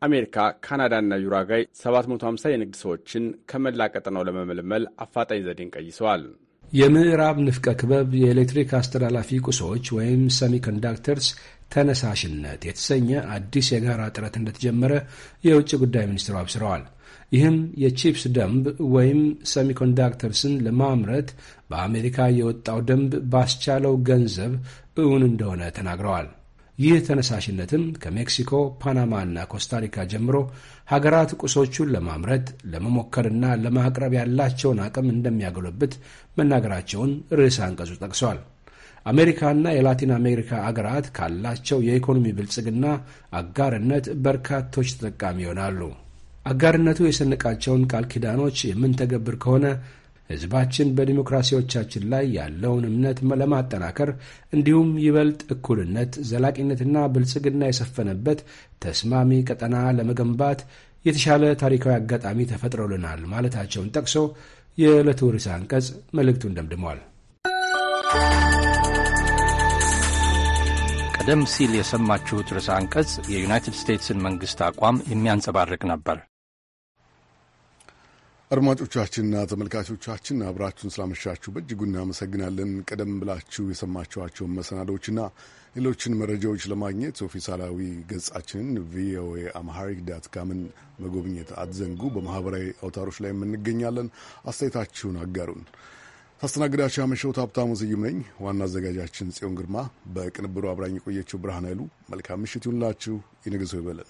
አሜሪካ፣ ካናዳና ዩራጋይ 750 የንግድ ሰዎችን ከመላ ቀጠናው ለመመልመል አፋጣኝ ዘዴን ቀይሰዋል። የምዕራብ ንፍቀ ክበብ የኤሌክትሪክ አስተላላፊ ቁሶች ወይም ሰሚኮንዳክተርስ ተነሳሽነት የተሰኘ አዲስ የጋራ ጥረት እንደተጀመረ የውጭ ጉዳይ ሚኒስትሩ አብስረዋል። ይህም የቺፕስ ደንብ ወይም ሰሚኮንዳክተርስን ለማምረት በአሜሪካ የወጣው ደንብ ባስቻለው ገንዘብ እውን እንደሆነ ተናግረዋል። ይህ ተነሳሽነትም ከሜክሲኮ፣ ፓናማ እና ኮስታሪካ ጀምሮ ሀገራት ቁሶቹን ለማምረት ለመሞከርና ለማቅረብ ያላቸውን አቅም እንደሚያጎለብት መናገራቸውን ርዕስ አንቀጹ ጠቅሷል። አሜሪካና የላቲን አሜሪካ አገራት ካላቸው የኢኮኖሚ ብልጽግና አጋርነት በርካቶች ተጠቃሚ ይሆናሉ። አጋርነቱ የሰነቃቸውን ቃል ኪዳኖች የምንተገብር ከሆነ ሕዝባችን በዲሞክራሲዎቻችን ላይ ያለውን እምነት ለማጠናከር እንዲሁም ይበልጥ እኩልነት፣ ዘላቂነትና ብልጽግና የሰፈነበት ተስማሚ ቀጠና ለመገንባት የተሻለ ታሪካዊ አጋጣሚ ተፈጥሮልናል ማለታቸውን ጠቅሶ የዕለቱ ርዕሰ አንቀጽ መልእክቱን ደምድመዋል። ቀደም ሲል የሰማችሁት ርዕሰ አንቀጽ የዩናይትድ ስቴትስን መንግሥት አቋም የሚያንጸባርቅ ነበር። አድማጮቻችንና ተመልካቾቻችን አብራችሁን ስላመሻችሁ በእጅጉ እናመሰግናለን። ቀደም ብላችሁ የሰማችኋቸውን መሰናዶችና ሌሎችን መረጃዎች ለማግኘት ኦፊሳላዊ ገጻችንን ቪኦኤ አምሃሪክ ዳት ካምን መጎብኘት አትዘንጉ። በማህበራዊ አውታሮች ላይ የምንገኛለን። አስተያየታችሁን አጋሩን። ታስተናግዳችሁ ያመሸሁት ሀብታሙ ስዩም ነኝ። ዋና አዘጋጃችን ጽዮን ግርማ፣ በቅንብሩ አብራኝ የቆየችው ብርሃን ኃይሉ። መልካም ምሽት ይሁንላችሁ። ይንግሶ ይበለን።